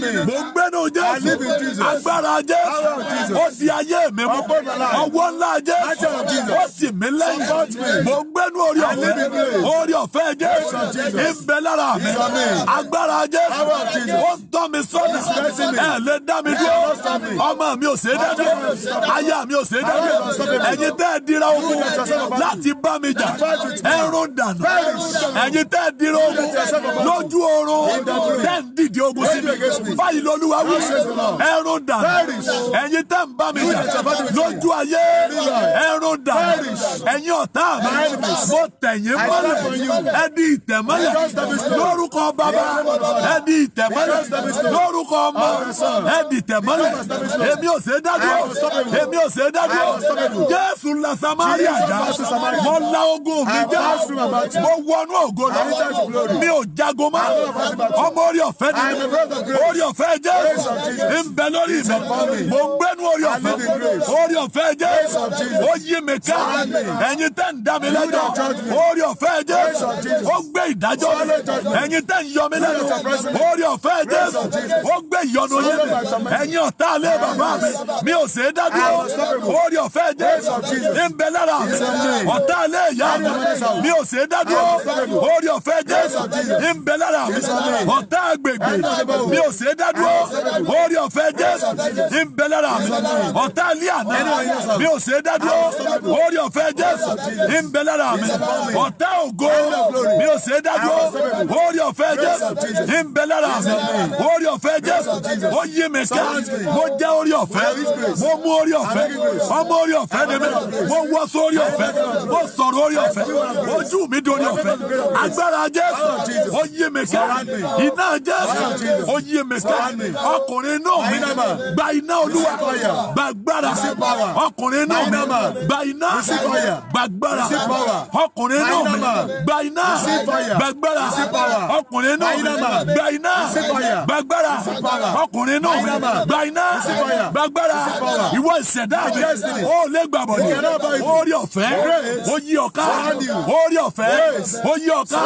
gbẹ́nu Jésù agbára Jésù ó di ayé mi mú ọwọ́ ńlá Jésù ó tì mí lẹ́yìn mò ń gbẹ́nu orí orí ọ̀fẹ́ Jésù ìbẹ̀ lára mi agbára Jésù ó ń tọ́ mi sọ́nà ẹ lè dá mi dúró ọmọ mi ò ṣe é dá dúró aya mi ò ṣe é dá dúró ẹ̀yin tẹ́ ẹ dira ogun láti bá mi jà ẹrún dànù ẹ̀yin tẹ́ ẹ dira ogun lójú oorun tẹ́ ń dì èdè ogun sí mi báyìí lolúwa wí ẹrù dànù ẹ̀yin tẹ́ ń bá mi jà lójú ayé ẹrù dànù ẹ̀yin ọ̀tá mi mo tẹ̀yìn mọ́lẹ̀ ẹ di ìtẹ̀ mọ́lẹ̀ lórúkọ bàbá ẹ di ìtẹ̀ mọ́lẹ̀ lórúkọ ọmọ ẹ di ìtẹ̀ mọ́lẹ̀ èmi ò ṣe dájú èmi ò ṣe dájú Jésù la Samaria já mo la ogun mi já mo wọnú ògo lọ mi ò jago ọmọ orí ọ̀fẹ́ ni orí ọ̀fẹ́ jẹ́ ń bẹ lórí mi mo ń gbẹ́nu orí ọ̀fẹ́ orí ọ̀fẹ́ jẹ́ ó yí mi ká ẹ̀yin tẹ́ ń dá mi lẹ́jọ́ orí ọ̀fẹ́ jẹ́ ó gbé ìdájọ́ ẹ̀yin tẹ́ ń yọ mi lẹ́nu orí ọ̀fẹ́ jẹ́ ó gbé ìyọnu yé mi ẹ̀yin ọ̀tá alẹ́ bàbá mi mi ò ṣe é dájú orí ọ̀fẹ́ jẹ́ ń bẹ lára mi ọ̀tá alẹ́ ìyá mi mi ò ṣe é dájú orí ọ̀fẹ́ jẹ́ ń bẹ lára mi ọ̀tá agbègbè mi ò ṣe é dádúró orí ọ̀fẹ́ Jésù ń bẹ mi ọ̀tá ilé àná mi ò ṣe é dádúró orí ọ̀fẹ́ Jésù ń bẹ mi ọ̀tá ògo mi ò ṣe é dádúró orí ọ̀fẹ́ Jésù ń bẹ mi orí ọ̀fẹ́ Jésù ó yé mi ká mo jẹ́ orí ọ̀fẹ́ mo mú orí ọ̀fẹ́ ọmọ orí ọ̀fẹ́ ni mi mo wọ́ sórí ọ̀fẹ́ mo sọ̀rọ̀ orí ọ̀fẹ́ ojú mi dorí ọ̀fẹ́ agbára Jésù ó yé mi ká iná Jésù oyè mẹ́ta ọkùnrin náà gba iná olúwa gbàgbára ọkùnrin náà gba iná gbàgbára ọkùnrin náà gba iná gbàgbára ọkùnrin náà gba iná gbàgbára ọkùnrin náà gba iná gbàgbára ìwọ ìṣẹ̀dá mi ó lè gbàbọ̀ ni ó rí ọ̀fẹ́ ó yí ọ̀ká ó rí ọ̀fẹ́ ó yí ọ̀ká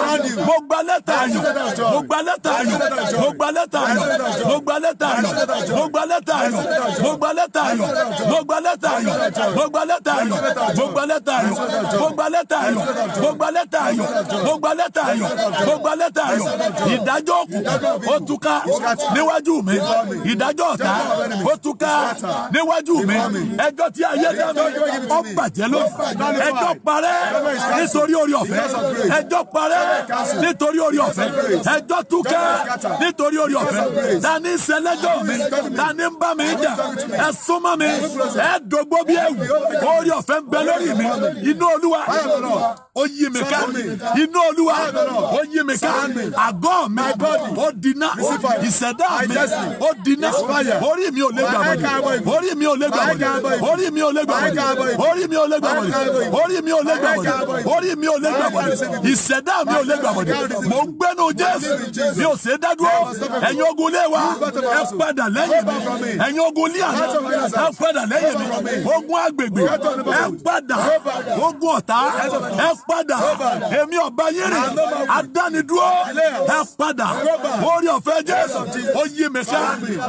mo gba lẹ́tà ayọ̀ mo gba lẹ́tà ayọ̀ mo gba lẹ́tà ayọ̀ mo gba lẹ́tà ayọ̀ mo gba lẹ́tà ayọ̀ mo gba lẹ́tà ayọ̀ mo gba lẹ́tà ayọ̀ mo gba lẹ́tà ayọ̀ mo gba lẹ́tà ayọ̀ mo gba lẹ́tà ayọ̀ mo gba lẹ́tà ayọ̀ mo gba lẹ́tà ayọ̀ mo gba lẹ́tà ayọ̀ ìdájọ́ òkùnkùn ó túká níwájú mi ìdájọ́ ọ̀tá ó túká níwájú mi ẹjọ́ tí ayé dá mi ó bàjẹ́ lónìí ẹjọ́ parẹ́ nítorí orí ọ̀fẹ́ ẹjọ́ parẹ́ nítorí orí ọ̀fẹ́ ẹjọ́ túká nítorí nítorí orí ọ̀fẹ́ dání sẹlẹ́jọ́ dání bá mi jà ẹ súnmọ́ mi ẹ dògbó bí ẹ̀wù orí ọ̀fẹ́ ń bẹ lórí mi inú olúwa ó yí mi ká inú olúwa ó yí mi ká àgọ́ mi ó dínà ìṣẹ̀dá mi ó dínà orí mi ò lè gbà wọlé orí mi ò lè gbà wọlé orí mi ò lè gbà wọlé orí mi ò lè gbà wọlé orí mi ò lè gbà wọlé orí mi ò lè gbà wọlé ìṣẹ̀dá mi ò lè gbà wọlé mò ń gbẹ́nu jésù mi ò ṣe é dádúró ẹ̀yin ogun ilé wa ẹ padà lẹ́yìn mi ẹ̀yin ogun ilé àná ẹ padà lẹ́yìn mi ogun agbègbè ẹ padà ogun ọ̀tá ẹ padà èmi ọ̀bá yín adánidúró ẹ padà orí ọ̀fẹ́ jésù ó yí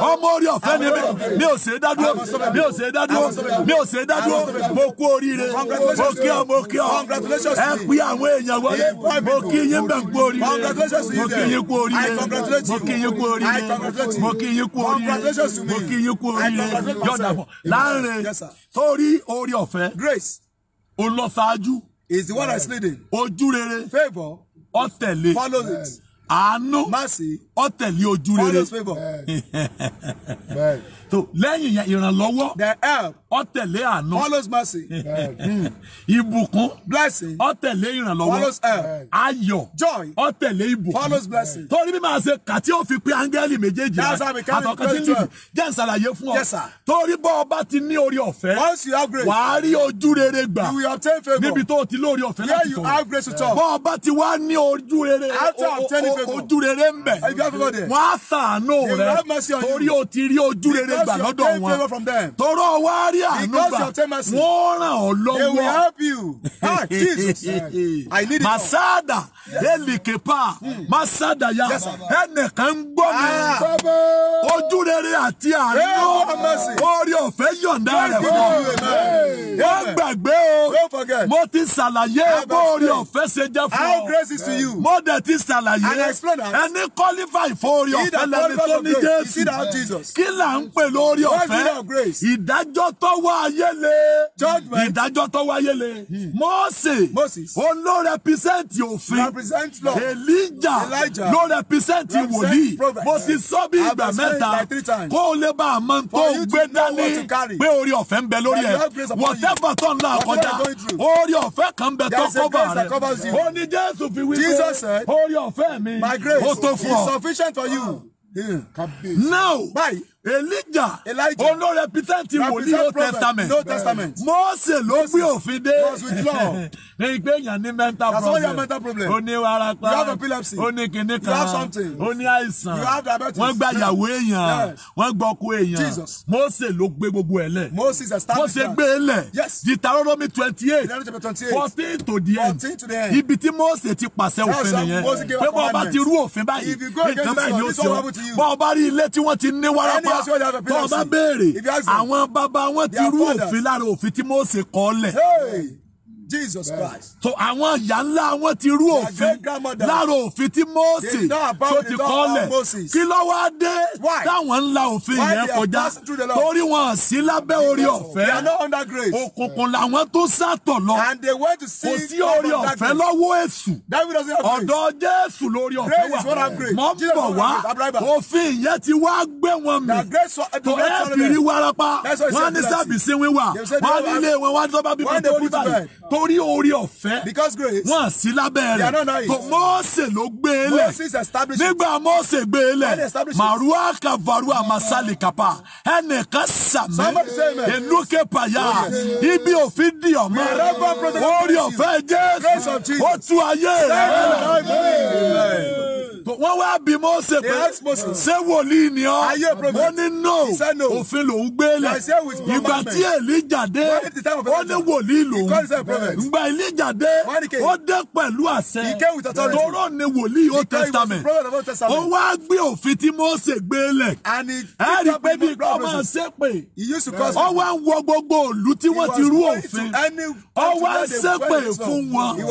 ọmọ orí ọ̀fẹ́ ni mi mi ò ṣe é dádúró mi ò ṣe é dádúró mi ò ṣe é dádúró mo kú oríire mo kí ọ mo kí ọ ẹ pín àwọn èèyàn wọlé mo kí yín bẹ̀ ń kú oríire mo kí yín kú oríire kí yín kú oríire mo kí yín kú oríire mo kí yín kú oríire yọ̀dà bọ̀ láàrin torí orí ọ̀fẹ́ ó is the one that's leading ojú rere favour ó tẹ̀lé follows it àánú mercy ó tẹ̀lé ojú rere follows favour so lẹ́yìn ìrànlọ́wọ́ the help ó tẹ̀lé àánú. follows mercy. ìbùkún. blessing. ó tẹ̀lé ìrànlọ́wọ́. follows help. ayọ̀. joy. ó tẹ̀lé ìbùkún. follows blessing. torí bí màá ṣe kà tí ó fi pé áńgẹ́lì méjèèjì rẹ̀ àtọ̀kẹ́tì nìyí jẹ́ ìsàlàyé fún ọ. yes sir. torí bọ́ ọ bá ti ní orí ọ̀fẹ́. once you have grace. wàá rí ojú rere gbà. you will obtain favour. níbi tó o ti lórí ọ̀fẹ́ láti tọ̀. here you have grace to talk. bọ́ ọ bá ti wá ní ojú rere. after obtaining favour. ojú rere ń bẹ̀. if you have favour there. wọ́n á sàánú rẹ̀ torí o ti rí ojú rere gbà lọ́dọ̀ wọn. they will obtain favour from them. torọ́ wá rí nítorí àánú gbà wọ́n ràn ọ́ lọ́wọ́. Masada elikepa hmm. Masada ya ẹnìkan ń gbọ́ mi ah, ojú rere àti àánú orí ọ̀fẹ́ yọ̀ǹda rẹ̀ fún mi. Wọ́n gbàgbé o, mo ti ṣàlàyé bó orí ọ̀fẹ́ ṣe jẹ́ fún ọ. Mo dẹ̀ ti ṣàlàyé ẹni qualify fún orí ọ̀fẹ́ lẹ́ni tó ní Jésù. Kí là ń pè lórí ọ̀fẹ́? Ìdájọ́ tó tọ́wọ́ ayé le ìdájọ́ tọ́wọ́ ayé le hmm. Mósè ló rẹpísẹ́ǹtì òfin Èlíjà ló rẹpísẹ́ǹtì wòlíì mo ti sọ bí ìgbà mẹ́ta kó o lè bá a mọ tó gbé dání pé orí ọ̀fẹ́ ń bẹ lórí ẹ̀ whatever tó ń là kọjá orí ọ̀fẹ́ kan bẹ tó kọ́bà rẹ̀ ó ní Jésù fi wí pé orí ọ̀fẹ́ mi ó tó fún ọ. Ah. Hmm. Now, bye. Elijah òun no, represent wòlíì old testament Mósè ló gbé òfin dé ní pé èèyàn ní mental problem You have ó ní warapa ó ní kinní kan ó ní àìsàn wọ́n gba ìyàwó èèyàn wọ́n gba ọkọ èèyàn Mósè ló gbé gbogbo ẹ̀ lẹ̀ Mósè gbé e lẹ̀ Deuteronomy twenty eight fourteen to the end ibi tí Mósè ti pàṣẹ òfin nìyẹn pé bọ́ọ̀ bá ti rú òfin báyìí nǹkan báyìí ni ó sọ bọ́ọ̀ bá rí ilé tí wọ́n ti ní warapa tọ́ ọ bá béèrè àwọn bàbá wọn ti rú òfin lára òfin tí Mósè kọ́ lẹ̀. Jesus Christ. So àwọn ìyá ńlá wọn ti rú òfin lára òfin tí Mósè tó ti kọ́lẹ̀. Kí ló wá dé táwọn ńlá òfin yẹn kọjá? Torí wọn sí lábẹ́ orí ọ̀fẹ́. Òkùnkùn làwọn tó sàtọ̀ lọ. Kò sí orí ọ̀fẹ́ lọ́wọ́ Èṣù. Ọ̀dọ̀ Jésù lórí ọ̀fẹ́ wà. Mọ̀ ń bọ̀ wá. Òfin yẹn ti wá gbé wọn mì. Tó ẹ̀ fi rí wárápá. Wọ́n á ní sábìsí wíwà. Wọ́n á ní ilé wọn wá ní sọ́bà torí orí ọ̀fẹ́. because grace. wọ́n sí lábẹ́ rẹ̀. tó Mósè ló gbé e lẹ̀. Moses established. nígbà Mósè gbé e lẹ̀. màrúwá kàvarú àmàsálì kàpá. ẹnìkan sàmì. èlúkẹ́ pàyà. ibi òfin di ọ̀mọ́. orí ọ̀fẹ́ Jésù. ó tú ayé rẹ̀ wọ́n wá bí Mósè pé ṣé wòlíì ni ọ́ ó ní no òfin lòún gbélé ìgbà tí Èlíjà dé ó ní wòlíì lòún ìgbà Èlíjà dé ó dé pẹ̀lú àṣẹ tóró ni wòlíì Old Testament ó wá gbé òfin tí Mósè gbélé ẹ rí pé bí kò máa ṣe pé ó wá ń wọ gbogbo ìlú tí wọ́n ti rú òfin ó wá ń ṣépè fún wọn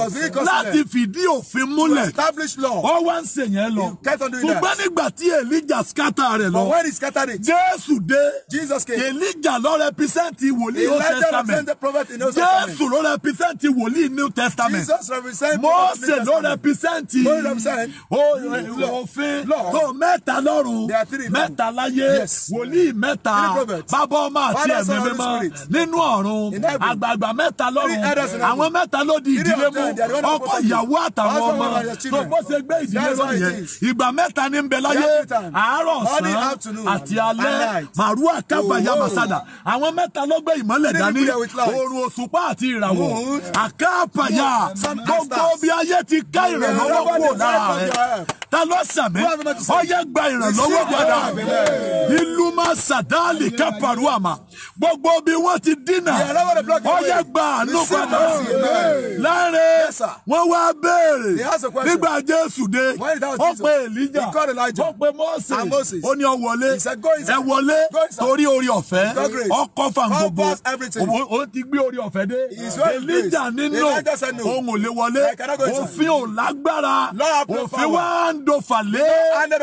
láti fìdí òfin múlẹ̀ ó wá ń ṣèyẹn rẹ̀ lọ. he ṣùgbọ́n nígbà tí Elijah scatter rẹ̀ lọ. Jésù dé. Jesus came. Elijah ló represent wòlíì Old Testament. the prophet in Old Jésù ló represent wòlíì New Testament. Jesus represent Mose ló represent. Mose represent. Òfin tó mẹ́ta lọ́run. There are three. Mẹ́ta láyé. Yes. Wòlíì mẹ́ta. Bàbá ọmọ àti ẹ̀mí mímọ́. Nínú ọ̀run. Àgbààgbà mẹ́ta lọ́run. Àwọn mẹ́ta ló di ìdílé mú. Ọkọ ìyàwó àtàwọn ọmọ. Tó bó ṣe gbé ìdílé lọ yẹn ìgbà mẹ́ta ní ń bẹ láyé àárọ̀ ọ̀sán àti alẹ́ màrúwà kábàyà oh. màsàdà àwọn mẹ́ta ló gbé ìmọ́lẹ̀ dání oòrùn òṣùpá àti ìràwọ̀ àkábàyà gbogbo bí ayé ti ká ìrànlọ́wọ́ kúrò lára rẹ̀ ta ló sàmì ọyẹ gba ìrànlọ́wọ́ padà ìlú máa sàdáàlì kápárù àmà gbogbo bí wọ́n ti dínà ọyẹ gba àánú padà láàrin wọ́n wá béèrè nígbà Jésù dé ó pe Èlíjà ó pe Mósè ó ní ọ wọlé ẹ wọlé torí orí ọ̀fẹ́ ọkọ̀ fà gbogbo ó ti gbé orí ọ̀fẹ́ dé Èlíjà nínú òun ò lè wọlé òfin ò lágbára òfin wá ń dofa lé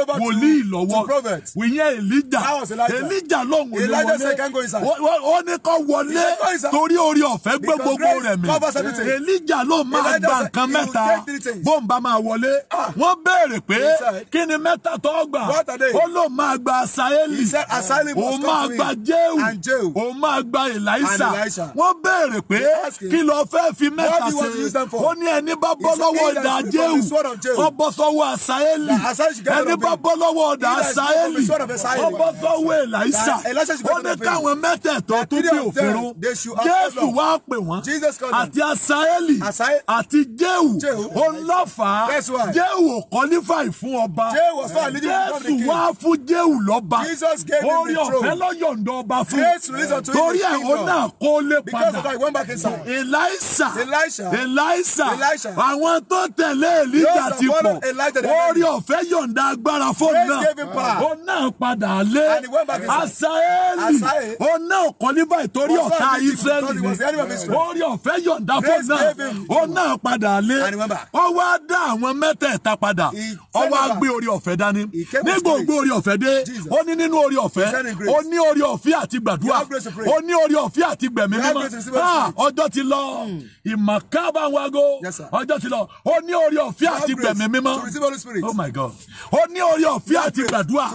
wòlíì lọ́wọ́ ìyẹn Èlíjà Èlíjà lóun ò lè wọlé ó ní kó wọlé torí orí ọ̀fẹ́ gbé gbogbo rẹ̀ mi Èlíjà ló máa gba nǹkan mẹ́ta bó ń bá máa wọlé ah. wọ́n béèrè pé kí ni mẹ́ta tó gbà ó ló máa gba asaeli ó máa gba jehu ó máa gba elisa wọ́n béèrè pé kí ló fẹ́ fi mẹ́ta ṣe ó ní ẹni bá bọ́ lọ́wọ́ ọ̀dà jehu ó bọ́ sọ́wọ́ asaeli ẹni bá bọ́ lọ́wọ́ ọ̀dà asaeli ó bọ́ sọ́wọ́ elisa ó ní káwọn mẹ́tẹ̀ẹ̀tọ́ tó bí òfin rún jésù wá pè wọ́n àti asaeli àti jehu ó ń lọ́fà jehu ò kọ́ nífà fàì fún ọba jésù wá fún jéhù lọ́ba orí ọ̀fẹ́ lọ́yọ̀ǹdọ̀ ọba fún torí ẹ̀ ó náà kó lé padà elisa elisa àwọn tó tẹ̀lé elija ti pọ̀ orí ọ̀fẹ́ yọ̀ǹda agbára fóònù náà ó náà padà lé asaeli ó náà kọ́ níbà ìtorí ọ̀tá israẹli ni orí ọ̀fẹ́ yọ̀ǹda fóònù náà ó náà padà lé ó wá dá àwọn mẹ́tẹ̀ẹ̀ta padà ọwọ́ á gbé orí ọ̀fẹ́ dání nígbà ògbé orí ọ̀fẹ́ dé ó ní nínú orí ọ̀fẹ́ ó ní orí ọ̀fẹ́ àti gbàdúrà ó ní orí ọ̀fẹ́ àti gbẹ̀mí mímọ́ ah, ọjọ́ ti lọ hmm. ìmọ̀kábà wago ọjọ́ ti lọ ó ní orí ọ̀fẹ́ àti gbẹ̀mí mímọ́ oh my god ó ní orí ọ̀fẹ́ àti gbàdúrà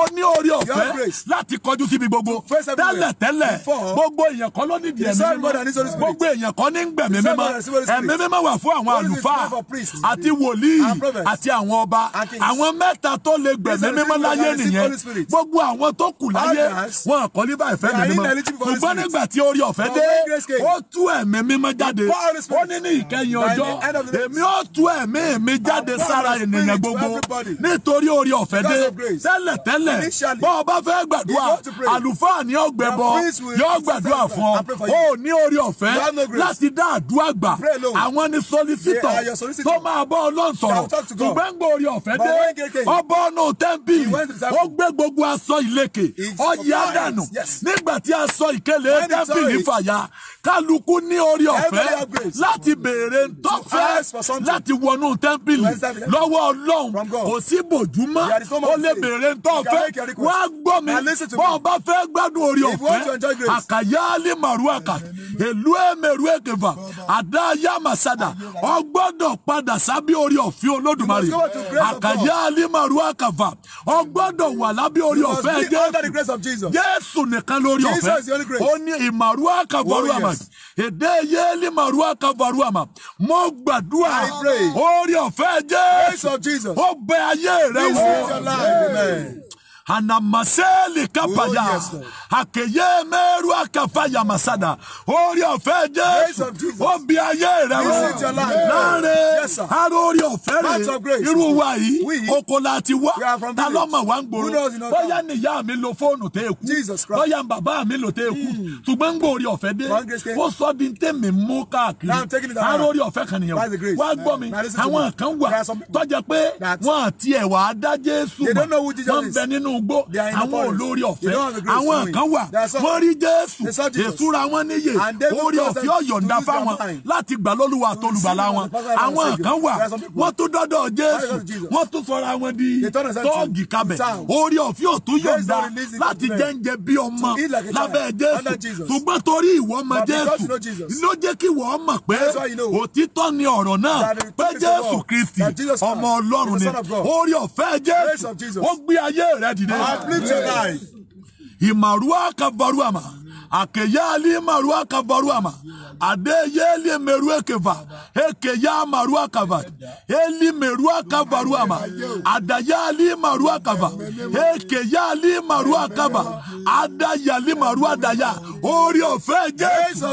ó ní orí ọ̀fẹ́ láti kọjú síbi gbogbo tẹ́lẹ̀ tẹ́lẹ̀ gbogbo èèyàn kọ́ ló nídìí ẹ̀mí mímọ́ gbogbo èèyàn kọ́ ní gbẹ̀mí mímọ́ ẹ̀mí mímọ́ wà fún àwọn àlùfáà àti wòlíì àti àwọn ọba mẹ́ta àwọn mẹ́ta tó lè gbẹ̀mí mímọ́ láyé nìyẹn gbogbo àwọn tó kù láyé wọn kò ní bá ìfẹ́ mi mímọ́ ṣùgbọ́n nígbà tí orí ọ̀fẹ́ dé ó tú ẹ̀mí mímọ́ jáde ó ní ní ìkẹyìn ọjọ́ èmi ó tú ẹ̀mí mi jáde sára ènìyàn gbogbo nítorí orí ọ̀fẹ́ dé tẹ́lẹ̀ tẹ́lẹ̀ bọ́ ọ bá fẹ́ gbàdúrà àlùfáà ni ó gbẹbọ yóò gbàdúrà fún ọ ó ní orí ọ̀fẹ́ láti dá àdúrà gbà àwọn ni solisitọ̀ tó máa bọ́ ọlọ́sọ̀rọ̀ ṣùgbọ́n gbòòrí ọ̀fẹ́ dé ọbọ̀ ọ̀nà tẹ́ḿpì ó gbé gbogbo aṣọ ìlẹ̀kẹ̀ ọ̀yà dànù nígbà tí aṣọ ìkélé tẹ́ḿpì ní fàyà kálukú ní orí ọ̀fẹ́ láti béèrè ntọ́fẹ́ láti wọnú tẹ́ḿpì lọ́wọ́ ọlọ́run kò sí bòjúmọ́ ó lè béèrè ntọ́fẹ́ wọ́n á gbọ́ mi bọ́n bá fẹ́ gbádùn orí ọ̀fẹ́ àkàyálé màrú àkàtà èlúwẹ̀ mẹ̀rúwẹ̀ kẹfà àdáyà màsàdà ọgbọ́dọ̀ padà sábẹ́ orí ọ̀fin olódùmarè àkàyà alimaruwa kàfà ọgbọ́dọ̀ wà lábẹ́ orí ọ̀fẹ́ jésù jésù nìkan lórí ọ̀fẹ́ ó ní ìmàruwa kàfàrú àmà oh, èdè yéèlì màruwa kàfàrú àmà mo gbàdúrà orí ọ̀fẹ́ jésù ó bẹ ayé rẹ wò anamaseli kapaya oh, akeye meru akafaya masada orí ọ̀fẹ́ jésù obi ayé rẹ rọ láre ara orí ọ̀fẹ́ rẹ irú wa yìí oko la ti wá ta lọ́mọ wa ń gbòòrò bóyá nìyá mi lo fóònù tẹ́ ẹ̀kú bóyá bàbá mi lo tẹ́ ẹ̀kú hmm. ṣùgbọ́n ń gbòòrò ọ̀fẹ́ dé ó sọ di ń tẹ̀mí mú káàkiri ara orí ọ̀fẹ́ kan nìyẹn wá gbọ́ mi àwọn kan wà tọ́jà pé wọ́n àti ẹ̀wà á jésù mọ̀ bẹ nínú nínú igbó àwọn olórí ọ̀fẹ́ àwọn kan wà wọ́n rí jésù èsúra wọn níyè orí ọ̀fẹ́ ọ̀yọ̀ǹda fáwọn láti gbà lọ́lùwà àtolùbàlà wọn àwọn kan wà wọ́n tún dọ́dọ̀ jésù wọ́n tún sọra wọn di tọ́ọ̀gì kabẹ̀ orí ọ̀fẹ́ ọ̀tún yọ̀ǹda láti jẹ́ǹjẹ bí ọmọ lábẹ́ jésù ṣùgbọ́n torí ìwọ ọmọ jésù ló jẹ́ kí wọ́n mọ̀ pé òtítọ́ ni ọ̀rọ̀ náà pé jésù kristi ọmọ ọlọ́run ni orí ọ̀fẹ́ jésù ó gbé ayé rẹ̀ d today. I plead tonight. Imarua kavaruama akeyali marua kavaruama adeyeli merue keva hekeya marua kava eli merua kavaruama adayali marua kava hekeyali marua kava adayali marua daya orí ọ̀fẹ́ Jésù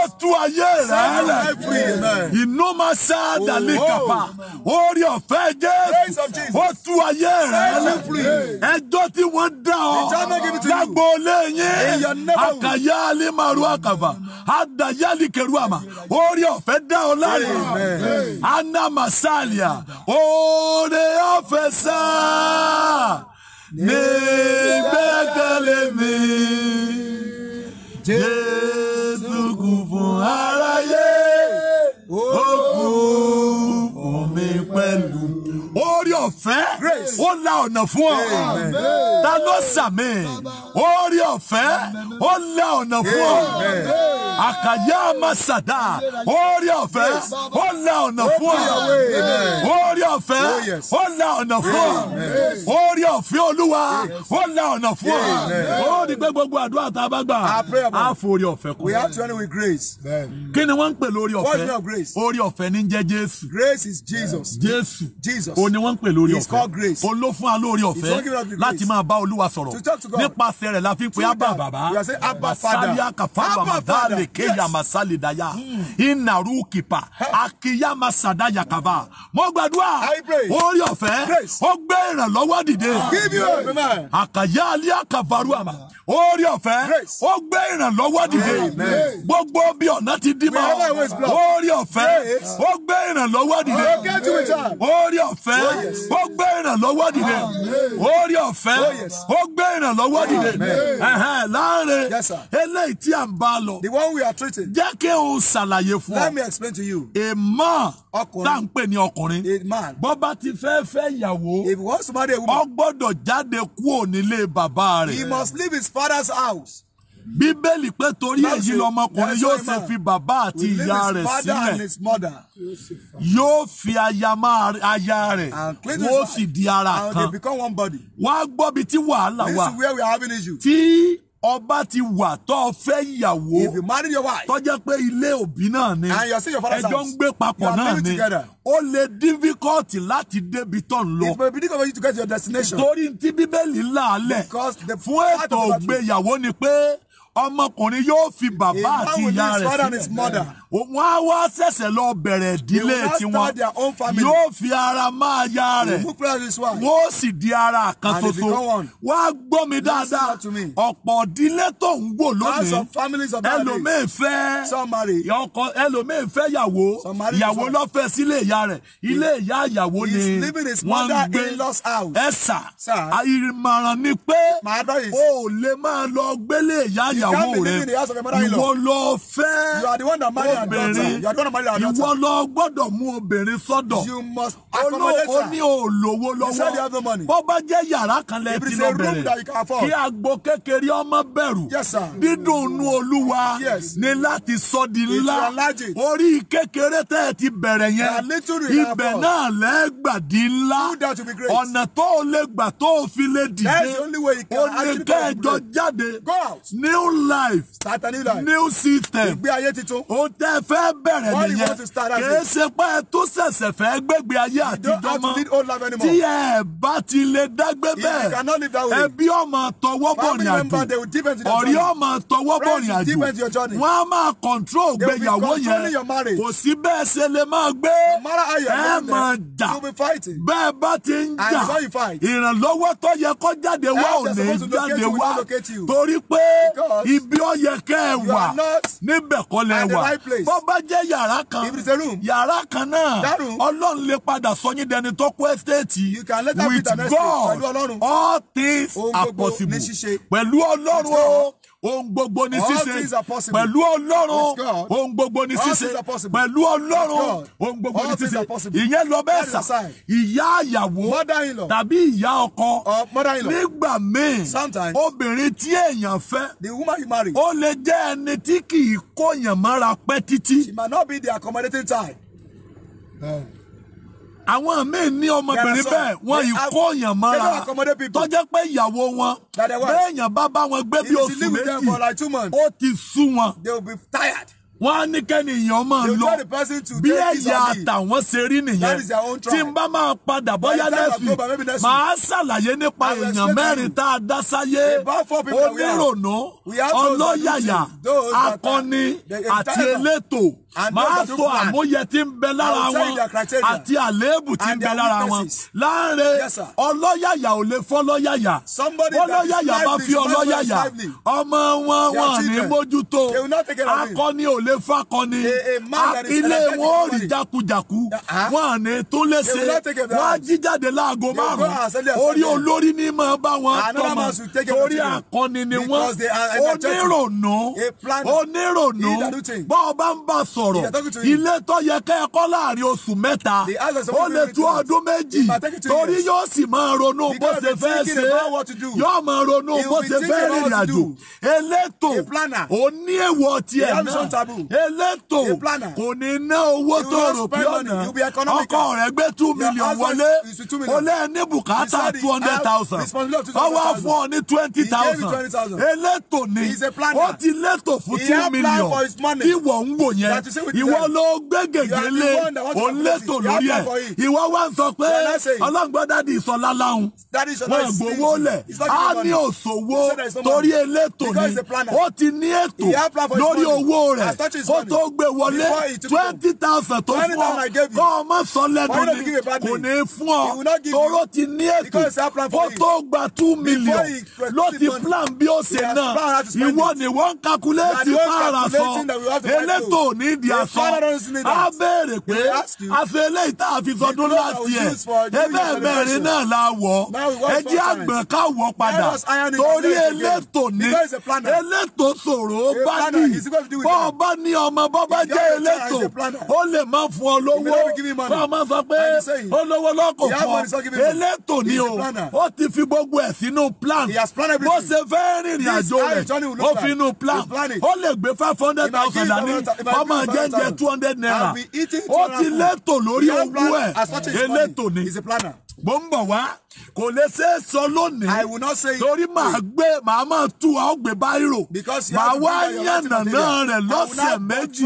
ó tú ayé rẹ̀ lẹ̀ inú máa sá dalí oh, kapa orí ọ̀fẹ́ Jésù ó tú ayé rẹ̀ lẹ̀ ẹjọ́ tí wọ́n dá ọ lágbo lẹ́yìn àkàyè yálé máa ru àkàfà àdá yálì kẹrù àmà orí ọ̀fẹ́ dá ọ láre anna masalia oore ọ̀fẹ́ sáà. orí ọ̀fẹ́ ó la ọ̀nà fún ọ ta ló sàmì orí ọ̀fẹ́ ó la ọ̀nà fún ọ àkàyà amasada orí ọ̀fẹ́ ó la ọ̀nà fún ọ orí ọ̀fẹ́ oh, ó la ọ̀nà fún ọ orí ọ̀fẹ́ olúwa ó la ọ̀nà fún ọ ó di pé gbogbo àdúrà tá a bá gbà á forí ọ̀fẹ́ kù. we have to with grace. kí ni wọ́n ń pè lórí ọ̀fẹ́ orí ọ̀fẹ́ ní jẹ́ jésù. grace is jesus. jésù ó ní wọ́n ń pè lórí ọ̀fẹ́. he is called grace. olófún alórí ọ̀fẹ́ láti máa bá olúwa sọ̀rọ̀ nípasẹ̀ rẹ̀ la fi ń pe abba bàbá masalia kafa bàbá lèkéyà masalidaya inaru kìpa akiyama sadaya kaba mo gbàdúrà àdúrà orí ọ̀fẹ́ ó gbé ìrànlọ́wọ́ dìde àkàyà alẹ́ àkàfàrú àmà orí ọ̀fẹ́ ó gbé ìrànlọ́wọ́ dìde gbogbo bí ọ̀nà ti dí mọ́ orí ọ̀fẹ́ ó gbé ìrànlọ́wọ́ dìde orí ọ̀fẹ́ oh, ó gbé ìrànlọ́wọ́ dìde orí ọ̀fẹ́ oh, ó gbé ìrànlọ́wọ́ dìde láàrin eléyìí tí a ń bá lọ jẹ́ kí n ṣàlàyé fún ọ. Let me explain to you. A man ọkùnrin tá ń pè ní ọkùnrin bó bá ti fẹ́ fẹ́ ìyàwó ó jáde kúrò nílé bàbá rẹ̀. he must leave his father's house. bíbélì pé torí èyí lọmọkùnrin yóò ṣe fi bàbá àti ìyá rẹ̀ sílẹ̀ yóò fi aya rẹ̀ wọ́n sì di ara kan wọ́n á gbọ́ bí tí wàhálà wà tí ọba ti wà tó fẹ́ ìyàwó. if you marry your wife. tó jẹ́ pé ilé òbí náà ni. and you see your father's house. ẹjọ́ ń gbé papọ̀ náà ni. ó lè difficult láti débi tó ń lọ. for you to get your destination. torí ti bíbélì làálẹ̀. because the fún ètò ògbéyàwó ni pé ọmọkùnrin yóò fi bàbá àti ìyá rẹ̀ sílẹ̀ wọ́n á wá ṣẹ̀ṣẹ̀ lọ bẹ̀rẹ̀ ìdílé tiwọn yóò fi ara máa ya rẹ̀ wọ́n ó sì di ara kan tuntun wọ́n á gbọ́ mi dáadáa ọ̀pọ̀ ìdílé tó ń wò lónìí ẹlòmíì fẹ́ ọkọ ẹlòmíì fẹ́ yàwó yàwó lọ́fẹ́ sílé ìyá rẹ̀ ilé ìyá yàwó ni wọ́n ń gbé ẹ̀sà ìmọ̀ràn ni pé o lè máa lọ gbélé ìyá yàwó ìyàwó rẹ ìwọ lọ fẹ́ obìnrin ìwọ lọ gbọ́dọ̀ mú obìnrin sọ́dọ̀ ó ní olówó lọ́wọ́ bó bá jẹ́ yàrá kan lẹ ti lọ bẹ̀rẹ̀ kí agbo kékeré ọmọ bẹ̀rù dídùn inú olúwa ni láti sọ di ńlá orí kékeré tẹ́ ẹ ti bẹ̀rẹ̀ yẹn ibẹ̀ náà lẹ́gbàdí ńlá ọ̀nà tó o lè gbà tó o fi lè dìde o lè kẹ́ ẹjọ́ jáde ní life. start a new life. new system. ìgbé ayé titun. o tẹ fẹ́ bẹ̀rẹ̀ nìyẹn. kìí ṣe pé ẹ tó ṣẹ̀ṣẹ̀ fẹ́ gbégbé ayé àtijọ́ mọ́. tí ẹ bá ti lè dágbé bẹ́ẹ̀. ẹbí ọmọ tọwọ́ bọ̀ ní àjò. ọ̀rẹ́ ọmọ tọwọ́ bọ̀ ní àjò. wọ́n á máa control gbéyàwó yẹn. kò sí bẹ́ẹ̀ ṣe lè máa gbé. ẹ máa jà. bẹ́ẹ̀ bá ti ń jà. ìrànlọ́wọ́ tó yẹ kó jáde wá ò ní jáde wá ibi ó yẹ kẹ́ ẹ wà níbẹ̀ kọ́ lẹ wà bó bá jẹ́ yàrá kan yàrá kan náà ọlọ́run lè padà sọ yín dẹni tó kó ẹ́stéètì with God all things are possible pẹ̀lú ọlọ́run o ohun gbogbo ni ṣíṣe pẹ̀lú ọlọ́run ohun gbogbo ni ṣíṣe pẹ̀lú ọlọ́run ohun gbogbo ni ṣíṣe ìyẹn lọ bẹ́ẹ̀ sà ìyá àyàwó tàbí ìyá ọkọ nígbà míì obìnrin tí èèyàn fẹ́ ó lè jẹ́ ẹni tí kì í kóyàn mọ́ra pẹ́ títí. She might not be the accommodating type. Um àwọn míì ní ọmọbìnrin bẹ́ẹ̀ wọn ìkóyàn mọ́ra tọ́jẹ́ pé ìyàwó wọn bẹ́ẹ̀yàn bá bá wọn gbé bí oṣù méjì ó ti sú wọn wọ́n á ní kẹ́ni èèyàn máa lọ bí ẹ̀yà àtàwọn ṣe rí nìyẹn tí n bá máa padà bọ́yá lẹ́sìn màá ṣàlàyé nípa èèyàn mẹ́rin tá a dá sáyé onírònú ọlọ́yàyà akọni àti elétò máa sọ àmúyẹ tí ń bẹ lára wọn àti àléébù tí ń bẹ lára wọn láàrin ọlọ́yàyà ò lè fọ́ lọ́yàyà ọlọ́yàyà bá fi ọlọ́yàyà ọmọ wọn wọn ní mójútó akọni ò lè fakọni ilé wọn ò rí jákujàku uh-huh. wọn ní tún lè ṣe wọn á jíjáde láago márùn orí olórí ní máa bá wọn tọmọ torí akọni ni wọn onírònú onírònú bọ́ọ̀ bá ń bá sọ ọ̀rọ̀ ilé tó yẹ kẹ́ẹ̀kọ́ láàrin oṣù mẹ́ta ó lè tú ọdún méjì torí yóò sì máa ronú bó ṣe fẹ́ ṣe yóò máa ronú bó ṣe fẹ́ rìnrìn àjò elétò ò ní èèwọ̀ tiẹ̀ náà elétò kò ní ná owó tó rò pé ọ̀nà ọkọ rẹ̀ gbé two million wọlé ó lé ní bùkátà two hundred thousand ọwọ́ fún ọ ní twenty thousand elétò ni ó ti létò fún two million tí wọ́n ń wò yẹn ìwọ ló gbé gègé lé olétò lórí ẹ ìwọ wá ń sọ pé ọlọ́gbọ́n dáàdi ìsọlá láhùn wọn gbowó lẹ̀ á ní òṣòwò torí elétò ni ó ti ní ètò lórí owó rẹ̀ ó tó gbé wọlé twenty thousand tó fún ọ kọ́ ọ má sọ lẹ́nu ni kò ní fún ọ toró ti ní ètò ó tó gba two million ló ti plan bí ó ṣe náà ìwọ ni wọ́n ń kakuléètì pààrà sọ elétò ní di aṣọ a béèrè pé àfẹlẹ́ ìta àfisọdún láti ẹ̀ ẹgbẹ́ mẹ́rin náà la wọ̀ ẹ jẹ́ àgbẹ̀ ká wọ̀ padà torí elétò ni elétò sọ̀rọ̀ bá ní bọ́ ọ ní ọmọ bọ́ jẹ́ elétò ó lè má fún ọ lówó bá ọmọ sọ pé olówó lọ́kọ̀ fún ọ elétò ni o ó ti fi gbogbo ẹ̀ sínú plan bó ṣe fẹ́ rìnrìn àjò rẹ̀ ó fi inú plan ó lè gbé five hundred thousand dání ọmọ máa jẹ́ jẹ́ two hundred naira ó ti lẹ́tò lórí owó ẹ̀ elétò ni mo ń bọ̀ wá kò lè ṣe é sọ lónìí. I will not say torí màá gbé màá máa tú ọ gbé báírò. because you have your own thing. màá wá yànnàná rẹ̀ lọ́sẹ̀ méjì.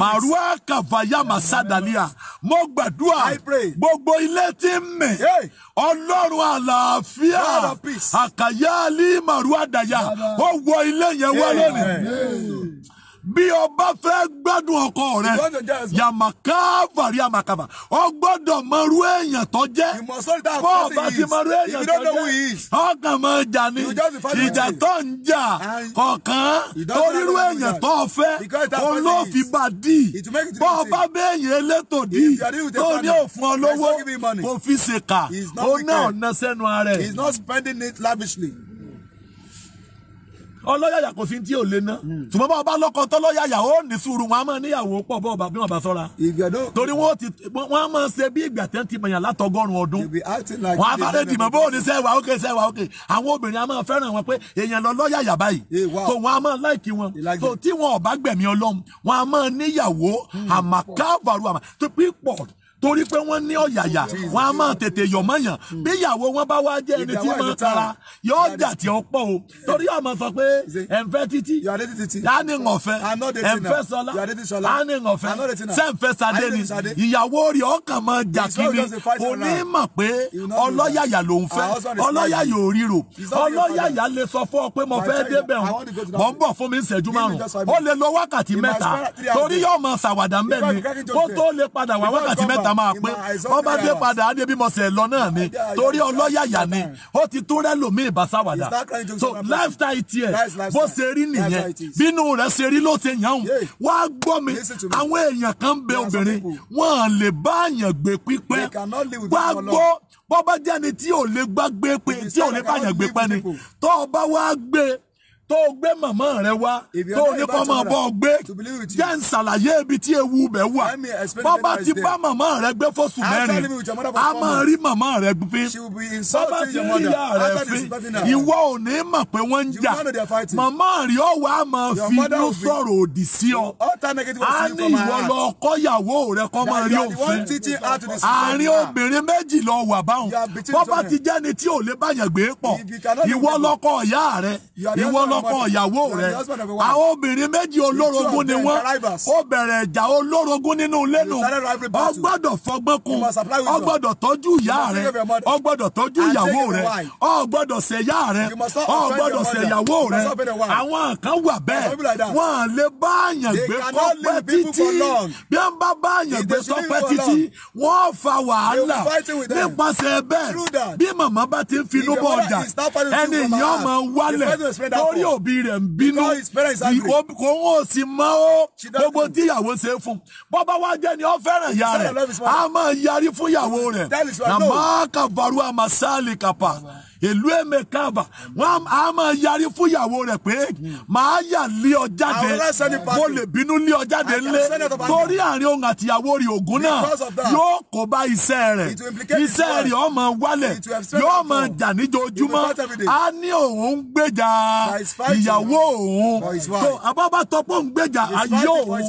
màá rú àkàfàyà màsádàlíà. mo gbàdúrà gbogbo ilé tí ń mì. ọlọ́run àlàáfíà àkàyà alí àdàyà ó wọ ilé yẹn wá lónìí bí o bá fẹ́ gbádùn ọkọ rẹ yamaka vari amakaba o gbọ́dọ̀ mọ̀rú èèyàn tó jẹ́ bó o bá ti mọ̀rú èèyàn tó jẹ́ ọkàn máa jà ní ìjà tó ń jà kọ̀ọ̀kan torírú èèyàn tó fẹ́ olófin bá dì bó o bá bẹ́ èèyàn elétò dì tó ní òfin olówó kò fi ṣèkà ó ná ọ̀nà sẹ́nu ara ẹ̀. He's not spending it lavishly ọlọ́yàyà kò sí tí ò lè ná hmm. ṣùgbọ́n bá ọba lọ́kọ tọ́lọ́yàyà ó ní sùúrù wọn a máa níyàwó pọ̀ bọ́ ọba bí wọn bá sọ́ra torí wọn ti wọn a máa ṣe bí ìgbà tẹ́ ti mọ̀yàn látọgọ́rùn ọdún wọn a fẹ́rẹ̀ dìmọ̀ bó o ní sẹ́wà ókè sẹ́wà ókè àwọn obìnrin a máa fẹ́ràn wọn pé èèyàn lọ lọ́yàyà báyìí tó wọn a máa láìkí wọn tó tí wọn ọ̀bá gbẹ̀mí ọlọ́run wọn a máa torí pé wọ́n ní ọ̀yàyà wọ́n á máa tètè yọ̀mọ́yàn bí ìyàwó wọn bá wá jẹ́ ẹni tí wọ́n tara yóò jà tí ó pọ̀ o torí ọmọ sọ pé ẹ̀ǹfẹ́ títí dání ọ̀fẹ́ ẹ̀ǹfẹ́ sọlá dání ọ̀fẹ́ sẹ́ǹfẹ́ sadé ni ìyàwó rẹ̀ ọkàn máa jà kíni kò ní mọ̀ pé ọlọ́yàyà ló ń fẹ́ ọlọ́yàyà ò ríro ọlọ́yàyà lè sọ fún ọ pé mo fẹ́ débẹ̀ hàn mọ̀ ń bọ̀ fún mi ìṣẹ́jú márùn-ún ó lè lo wákàtí mẹ́ta torí yóò máa ṣàwàdà ń bẹ̀ ni kó tó lè padà wá wákàtí mẹ́ta padà máa pín wọ́n bá dé padà á dé bí mo ṣe lọ náà ni torí ọlọ́yàyà ni ó ti tún rẹ́lòmíì bá sáwàdà so lifestyle tiẹ̀ bó ṣe rí nìyẹn bínú rẹ̀ ṣe rí ló ṣe yàn án wá gbọ́ mi àwọn èèyàn kan ń bẹ obìnrin wọ́n lè bá àyàn gbé pípẹ́ wá gbọ́ bọ́ bá jẹ́ni tí ò lè gbá gbé pé tí ò lè bá àyàn gbé pẹ́ ni tó o bá wá gbé tó o gbé màmá rẹ wá tó o ní kó máa bọ́ ọ gbé jẹ́ ń ṣàlàyé ibi tí ewu bẹ̀ wà bọ́bá ti bá màmá rẹ gbé fóṣù mẹ́rin a máa rí màmá rẹ fín bọ́bá ti rí ìyá rẹ fín ìwọ ò ní mọ̀ pé wọ́n ń jà màmá rí ọ̀wọ́ a máa fi inú sọ̀rọ̀ òdì sí ọ a ní ìwọ lọ kọ́yàwó rẹ kọ́ máa rí òfin àárín obìnrin méjì lọ wà báwọn bọ́bá ti jẹ́ni tí ò lè báyàn gbé pọ̀ ìwọ lọ́kọ ìyá rẹ ìwọ lọ ọkọ ìyàwó rẹ àwọn obìnrin méjì olórogún ni wọn ó bẹ̀rẹ̀ ìjà olórogún nínú ilé nù ọ gbọ́dọ̀ fọgbọ́n kun ọ gbọ́dọ̀ tọ́jú ìyá rẹ ọ gbọ́dọ̀ tọ́jú ìyàwó rẹ ọ gbọ́dọ̀ ṣẹ̀yà rẹ ọ gbọ́dọ̀ ṣẹ̀yàwó rẹ àwọn kan wà bẹ́ẹ̀ wọ́n lè bá àyàn gbé tọ́pẹ́ títí bí wọ́n bá bá àyàn gbé tọ́pẹ́ títí wọ́n fa wàhálà nípasẹ̀ bẹ́ẹ̀ bí màmá bá ti ń finú bọ́ ọjà ẹni ìyẹn ọmọ wálẹ̀ lórí òbí rẹ̀ ń bínú kò ń sì mọ́ ó gbogbo tí ìyàwó ṣe fún bọ́ bá wá jẹ́ ni ó fẹ́ràn ìyá rẹ̀ a máa yarí fún ìyàwó rẹ̀ nàmá kàbàrú àmàsáàlì kàpà ìlú èmẹkàbà wọn a máa yarí fún ìyàwó rẹ pé màá yà lé ọ jáde mo lè bínú lé ọ jáde ńlẹ torí àárín òun àti ìyàwó rẹ ògùn náà yóò kó bá iṣẹ́ rẹ iṣẹ́ rẹ ó máa wálẹ̀ yóò máa jà níjojúmọ́ a ní òun gbèjà ìyàwó òun tó abábá tọpọ ń gbèjà ayé òun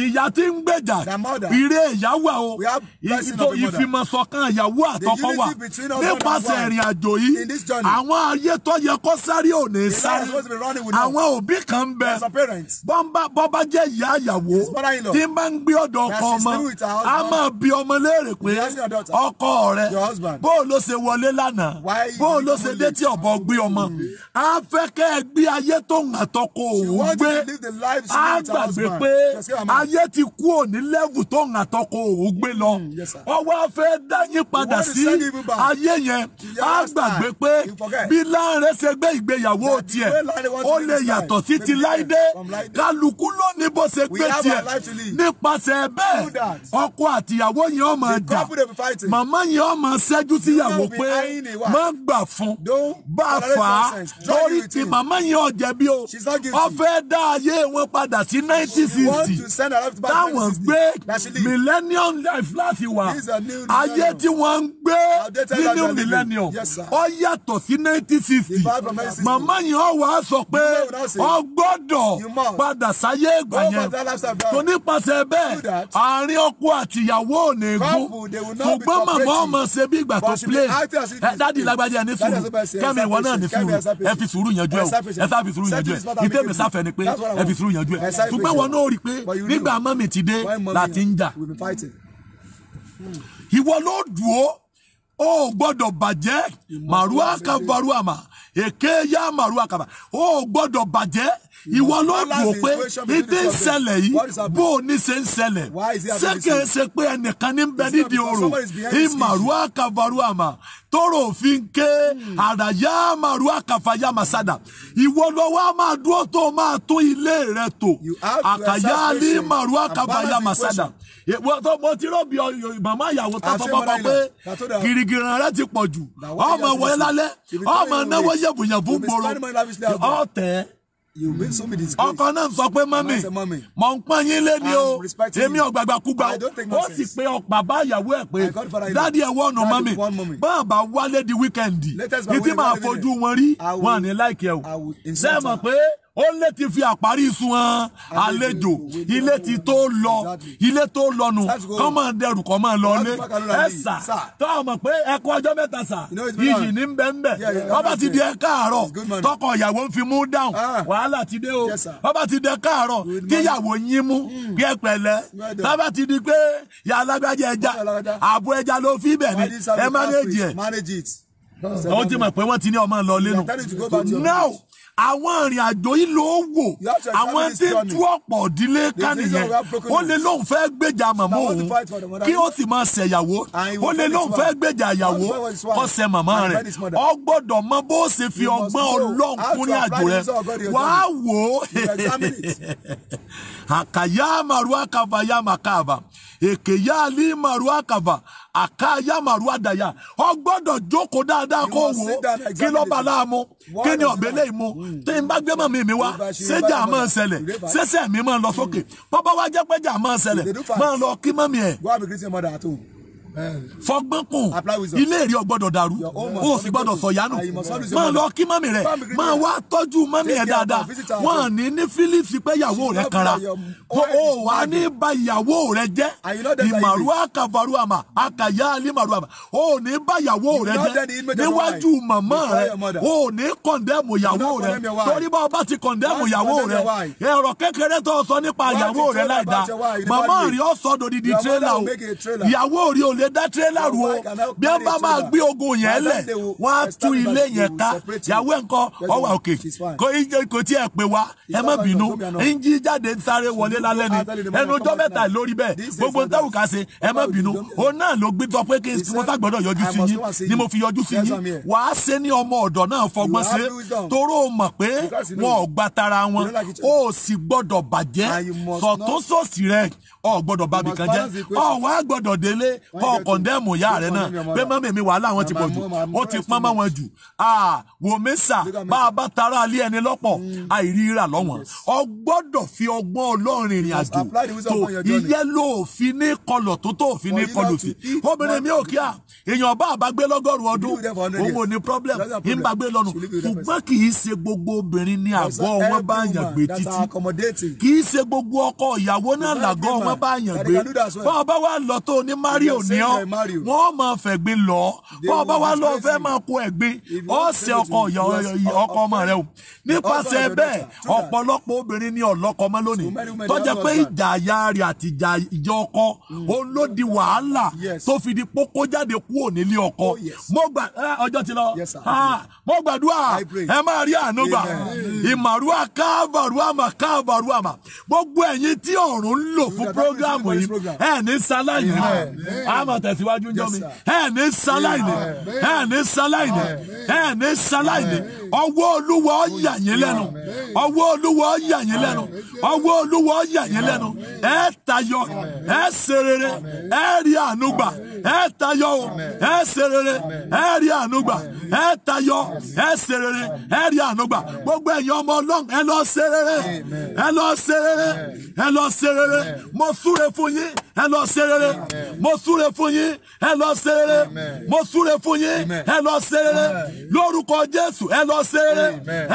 ìyá tí ń gbèjà ire ìyàwó àwọn ìfìmọ̀ṣọ̀kan ìyàwó àtọkọ wà nípasẹ̀ ìrìn àjò yìí this journey. àwọn ayé tó yẹ kó sáré ò sáré. àwọn òbí kan bẹ. bọ́mbà jẹ́ ìyá àyàwó tí n bá ń gbé ọ̀dọ̀ ọkọ ọmọ a máa bi ọmọ léèrè pé ọkọ rẹ bó o ló ṣe wọlé lánàá bó o ló ṣe dé tí ọ̀bọ gbé ọmọ. Hmm. a fẹ́ kẹ́ ẹ gbé ayé tó ń àtọkọ òun gbé a gbàgbé pé ayé ti kú òní lẹ́wù tó ń àtọkọ òun gbé lọ. ọwọ́ hmm, a fẹ́ dá yín padà sí ayé yẹn a gbàgbé pé bí Lanre ṣe gbé ìgbéyàwó tiẹ̀ ó lè yàtọ̀ sí ti Láídé kálukú ló ní bó ṣe gbé tiẹ̀ nípasẹ̀ bẹ́ẹ̀ ọkọ àtìyàwó yẹn ó máa jà màmá yẹn ó máa ṣẹ́jú síyàwó pé má gbà fún bá fà á lórí ti màmá yẹn ó jẹ̀bi o ó fẹ́ dá ayé wọn padà sí nineteen sixty táwọn gbé millennium life láti wà ayé tí wọ́n ń gbé nínú millennium ó yàtọ̀ sí nineteen sixty màmá yẹn ó wàá sọ pé ó gbọ́dọ̀ padà sáyé ìgbà yẹn yẹn tó nípasẹ̀ bẹ́ẹ̀ àárín ọkọ àti ìyàwó ò ní gún ṣùgbọ́n màmá ọmọ ṣe bí ìgbà tó play ẹ dáàdi ìlágbájá ẹni sùúrù kẹ́mi ìwọ náà ní sùúrù ẹ fi sùúrù yanjú ẹ o ẹ sá fi sùúrù yanjú ẹ ìtẹ́mi sáfẹ́ ni pé ẹ fi sùúrù yanjú ẹ ṣùgbọ́n wọn náà rí i pé nígbà mọ́mì ti dé láti ń jà ìwọ ló dùn ó o gbọ́dọ̀ bàjẹ́ màrúwà kan faruama èké yá màrúwà kaba o gbọ́dọ̀ bàjẹ́ ìwọ ló dùn pé ìdí ń ṣẹlẹ̀ yìí bó o ní ṣe ń ṣẹlẹ̀ ṣéke ṣe pé ẹnìkan ní bẹ nídìí oòrùn ìmàrúwà kàfàrúàmà tóró òfin ké hmm. àràyà màrúwà kàfàyà màsádà ìwọ ló wá máa dúró tó máa tún ilé rẹ tò àkàyà ní màrúwà kàfàyà màsádà mo ti rò bí màmá ìyàwó tá a pé gìrìgìrì rẹ ti pọ̀ jù ọmọ wọlé lálẹ́ ọmọ náwó yẹ̀bùyẹ̀bù gbòòrò ọ̀tẹ̀ ọkọ náà sọ pé mọ́mì mọ̀ ń pọ́n yín lé ní o èmi ọ̀gbàgbà kúgbà ó sì pé bàbá ìyàwó ẹ̀ pé dáàdi ẹ̀ wọ́n nù mọ́mì bàbá wálé di wíkẹ́ndì ní tí màá fojú wọn rí wọn ní láìkẹ́ o sẹ́ẹ̀ mọ̀ pé ó lè ti fi àparí sun hàn àlejò ilé ti tó lọ ilé tó lọnu kọ́ máa dẹrù kọ́ máa lọlé ẹ sà tó a mọ̀ pé ẹ kú ọjọ́ mẹ́ta sà iyì ní bẹ́ńbẹ́ ọba ti di ẹ káàárọ̀ tọkọ ìyàwó ń fi mú dáhùn ah. wàhálà ti dé o ọba ti di ẹ káàárọ̀ kíyàwó yín mú bí mm. ẹ pẹ̀lẹ́ tọ́ba ti di pé yàrá lágbájá ẹja àbò ẹja ló fi bẹ̀ ni ẹ mánéjì ẹ ó ti mọ̀ pé wọ́n ti ní ọmọ lọ lẹ́nu now àwọn ìrìn àjò yìí ló wò àwọn tí ń tú ọ̀pọ̀ ìdílé ká nìyẹn ó lè lóun fẹ́ gbèjà màmá òun kí ó sì máa ṣẹ̀yàwó ó lè lóun fẹ́ gbèjà ìyàwó kó ṣe màmá rẹ̀ ọ gbọ́dọ̀ mọ bó ṣe fi ọgbọ́n ọlọ́run kún ní àjò rẹ̀ wàá wò ó àkàyà màrúwà kàfà yà màkàbà èkè yà lì màrúwà kàfà àkáyà màrúwádàyà ọ gbọ́dọ̀ jókòó dáadáa kó wò ó kí lọ bá láàmú kí ni ọ̀bẹ lè mú hmm. tí n bá gbé mọ̀ mi mi wá séjà máa ń ṣẹlẹ̀ sẹ́sẹ̀ mi máa ń lọ sókè bọ́bá wá jẹ́ pẹ́jà máa ń ṣẹlẹ̀ máa lọ kí mọ̀ mi ẹ̀. fọgbọ́n kù ilé ìrí ọgbọ́dọ̀ dàrú o sì gbọ́dọ̀ sọ̀yánù máa lọ kí mọ́mì rẹ̀ máa wá tọ́jú mọ́mì ẹ̀ dáadáa wọ́n ní ní fílíìsì pé ìyàwó rẹ̀ kanra o wà ní ba ìyàwó rẹ̀ jẹ́ ìmàrú àkàfàrú àmà àkàyà àlìmàrú àmà o ní ba ìyàwó rẹ̀ jẹ́ níwájú màmá rẹ̀ o ní kọ̀ndẹ́mù ìyàwó rẹ̀ torí bá o bá ti kọ̀ndẹ́mù ìyàwó rẹ̀ ẹ̀rọ lè dá tírélà rú o bí wọ́n bá máa gbé ogun yẹn lẹ̀ wọ́n á tú ilé yẹn ká yàwó ẹ̀ ń òkè kò tí ẹ̀ pè wá ẹ má bínú ń jí jáde sáré wọlé lálẹ́ ni ẹnu ọjọ́ mẹ́ta lórí bẹ́ẹ̀ gbogbo ń ká ṣe ẹ má bínú òun náà ló gbé tọ́ pé kí wọ́n sá gbọ́dọ̀ yọjú sí yín ni mo fi yọjú sí yín wàá ṣe ní ọmọ ọ̀dọ̀ náà fọgbọ́n ṣe toró mọ̀ pé wọn ò gba tara wọn ó sì gbọ́dọ̀ bàjẹ́ sọ̀tún sòsì rẹ̀ ọ gbọ́dọ̀ bá mi kan jẹ́ ọ wá gbọ́dọ̀ délé kọ́ kọ̀ndẹ́mù ìyá rẹ̀ náà pé mọ́mí mi wàhálà wọn ti pọ̀ jù ó ti pọ́n mọ́ wọn jù wò mẹ́sà bá a bá tara alẹ́ ẹni lọ́pọ̀ mm. àìríra lọ́wọ́n ọ gbọ́dọ̀ fi ọgbọ́n ọlọ́rin ìrìn àjò tó iye ló fi ní kọlọ̀ tó tó fi ní kọlọ̀ sí obìnrin mi ò kíá èèyàn bá àbágbé lọ́gọ́rùn-ún ọdún òun ò ní problem ìgbàgbé lọ́nu ṣùgbọ́n kì í ṣe gbogbo obìnrin ní àgọ́ wọn bá yàn gbé títí kì í ṣe gbogbo ọkọ ìyàwó náà làgọ́ wọn má bá yàn gbé bọ́ ọba wa lọ tó ní mari òní ọ wọ́n máa fẹ̀gbin lọ bọ́ ọba wa lọ fẹ́ máa kó ẹ̀gbin ọ̀sẹ̀ ọkọ ọkọ ọmọ rẹ o nípasẹ̀ bẹ́ẹ̀ ọ̀pọ̀lọpọ̀ obìnrin ní ọ̀lọ́kọ mọ́ lónìí tó pé ìjà aya rẹ̀ àti ìjà ìjọ ọkọ mm. òun wàhálà tó fi di pókó jáde kúrò nílé ọkọ oh, mo gbà ọjọ́ ti lọ mo gbàdúrà ẹ máa rí àánú gbà ìmàrúwà káàbàrúàmà káàbàrúàmà gbogbo ẹ̀yin tí ọ̀run ń lò fún pr program yìí ẹ ní sáláìní ah, a máa tẹ̀síwájú ń jọ mi ẹ ní sáláìní ẹ ní sáláìní ẹ ní sáláìní ọwọ́ olúwa ó yà yín lẹ́nu ọwọ́ olúwa ó yà yín lẹ́nu ọwọ́ olúwa ó yà yín lẹ́nu ẹ tayọ ẹ ṣe ẹ rí àánú ẹ tayọ ẹ ṣe ẹ rí àánú ẹ tayọ ẹ ṣe rere ẹ rí ànúgbà gbogbo ẹ̀yin ọmọ ọlọ́run ẹ lọ ṣe ẹ lọ ṣe ẹ lọ ṣe mo súre fún yín ẹ lọ ṣe mo súre fún yín ẹ lọ ṣe mo súre fún yín ẹ lọ ṣe rere lórúkọ Jésù ẹ lọ ṣe rere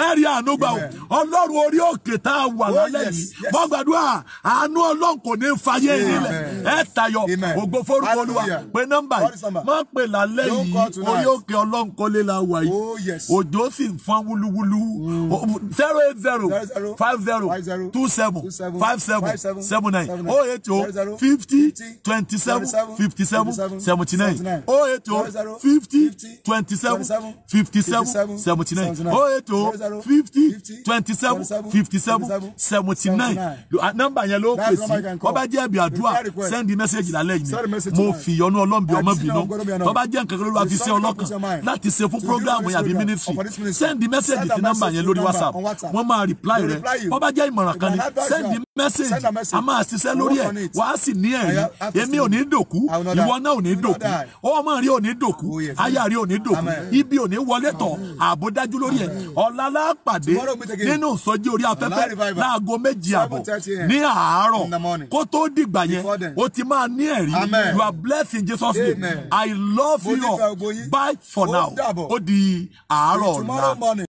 ẹ rí ànúgbà o ọlọ́run orí òkè tá a wà oh, lálẹ́ yìí mo gbàdúrà àánú ọlọ́run kò ní fàyè yín lẹ̀ ẹ tayọ ògbó forúkọ olúwa pé nọ́mbà yìí má pè lálẹ́ yìí orí òkè ọlọ́run kò lè la wà yìí oh, òjò sì ń fọ́n wúlúwúlú mm. oh, zero eight zero five zero two seven five seven seven nine oh eight oh fifty twenty seven fifty seven seventy nine oh eight oh fifty twenty seven fifty seven seventy nine oh eight oh fifty twenty seven fifty seven seventy nine nọ́mbà yẹn ló pè sí ọba jẹ́ ẹ̀bì àdúrà send message lálẹ́ yìí mo fi ìyọnu ọlọ́mbi ọmọ bìnú ọba jẹ́ nǹkan kan ló lọ́ọ́ fi sí ọlọ́kan láti ṣe fún fún program yẹn àbí ministry send the message sí nọ́mbà yẹn lórí whatsapp wọ́n máa reply rẹ wọ́n bá jẹ́ ìmọ̀ràn kan ni send the message a máa ṣiṣẹ́ lórí ẹ̀ wàá sì ní ẹ̀rí èmi ò ní dòkú ìwọ náà ò ní dòkú ọmọ rí ò ní dòkú oh, aya rí ò ní dòkú ibi ò ní wọlé tọ̀ ààbò dájú lórí ẹ̀ ọ̀la lápàdé nínú ìsọjí orí afẹ́fẹ́ láago méjì àbọ̀ ní àárọ̀ kó tó dìgbà yẹn o ti máa ní ẹ̀rí you are blessed in Jesus name I love you all bye for now ó di àárọ̀ ọ̀la.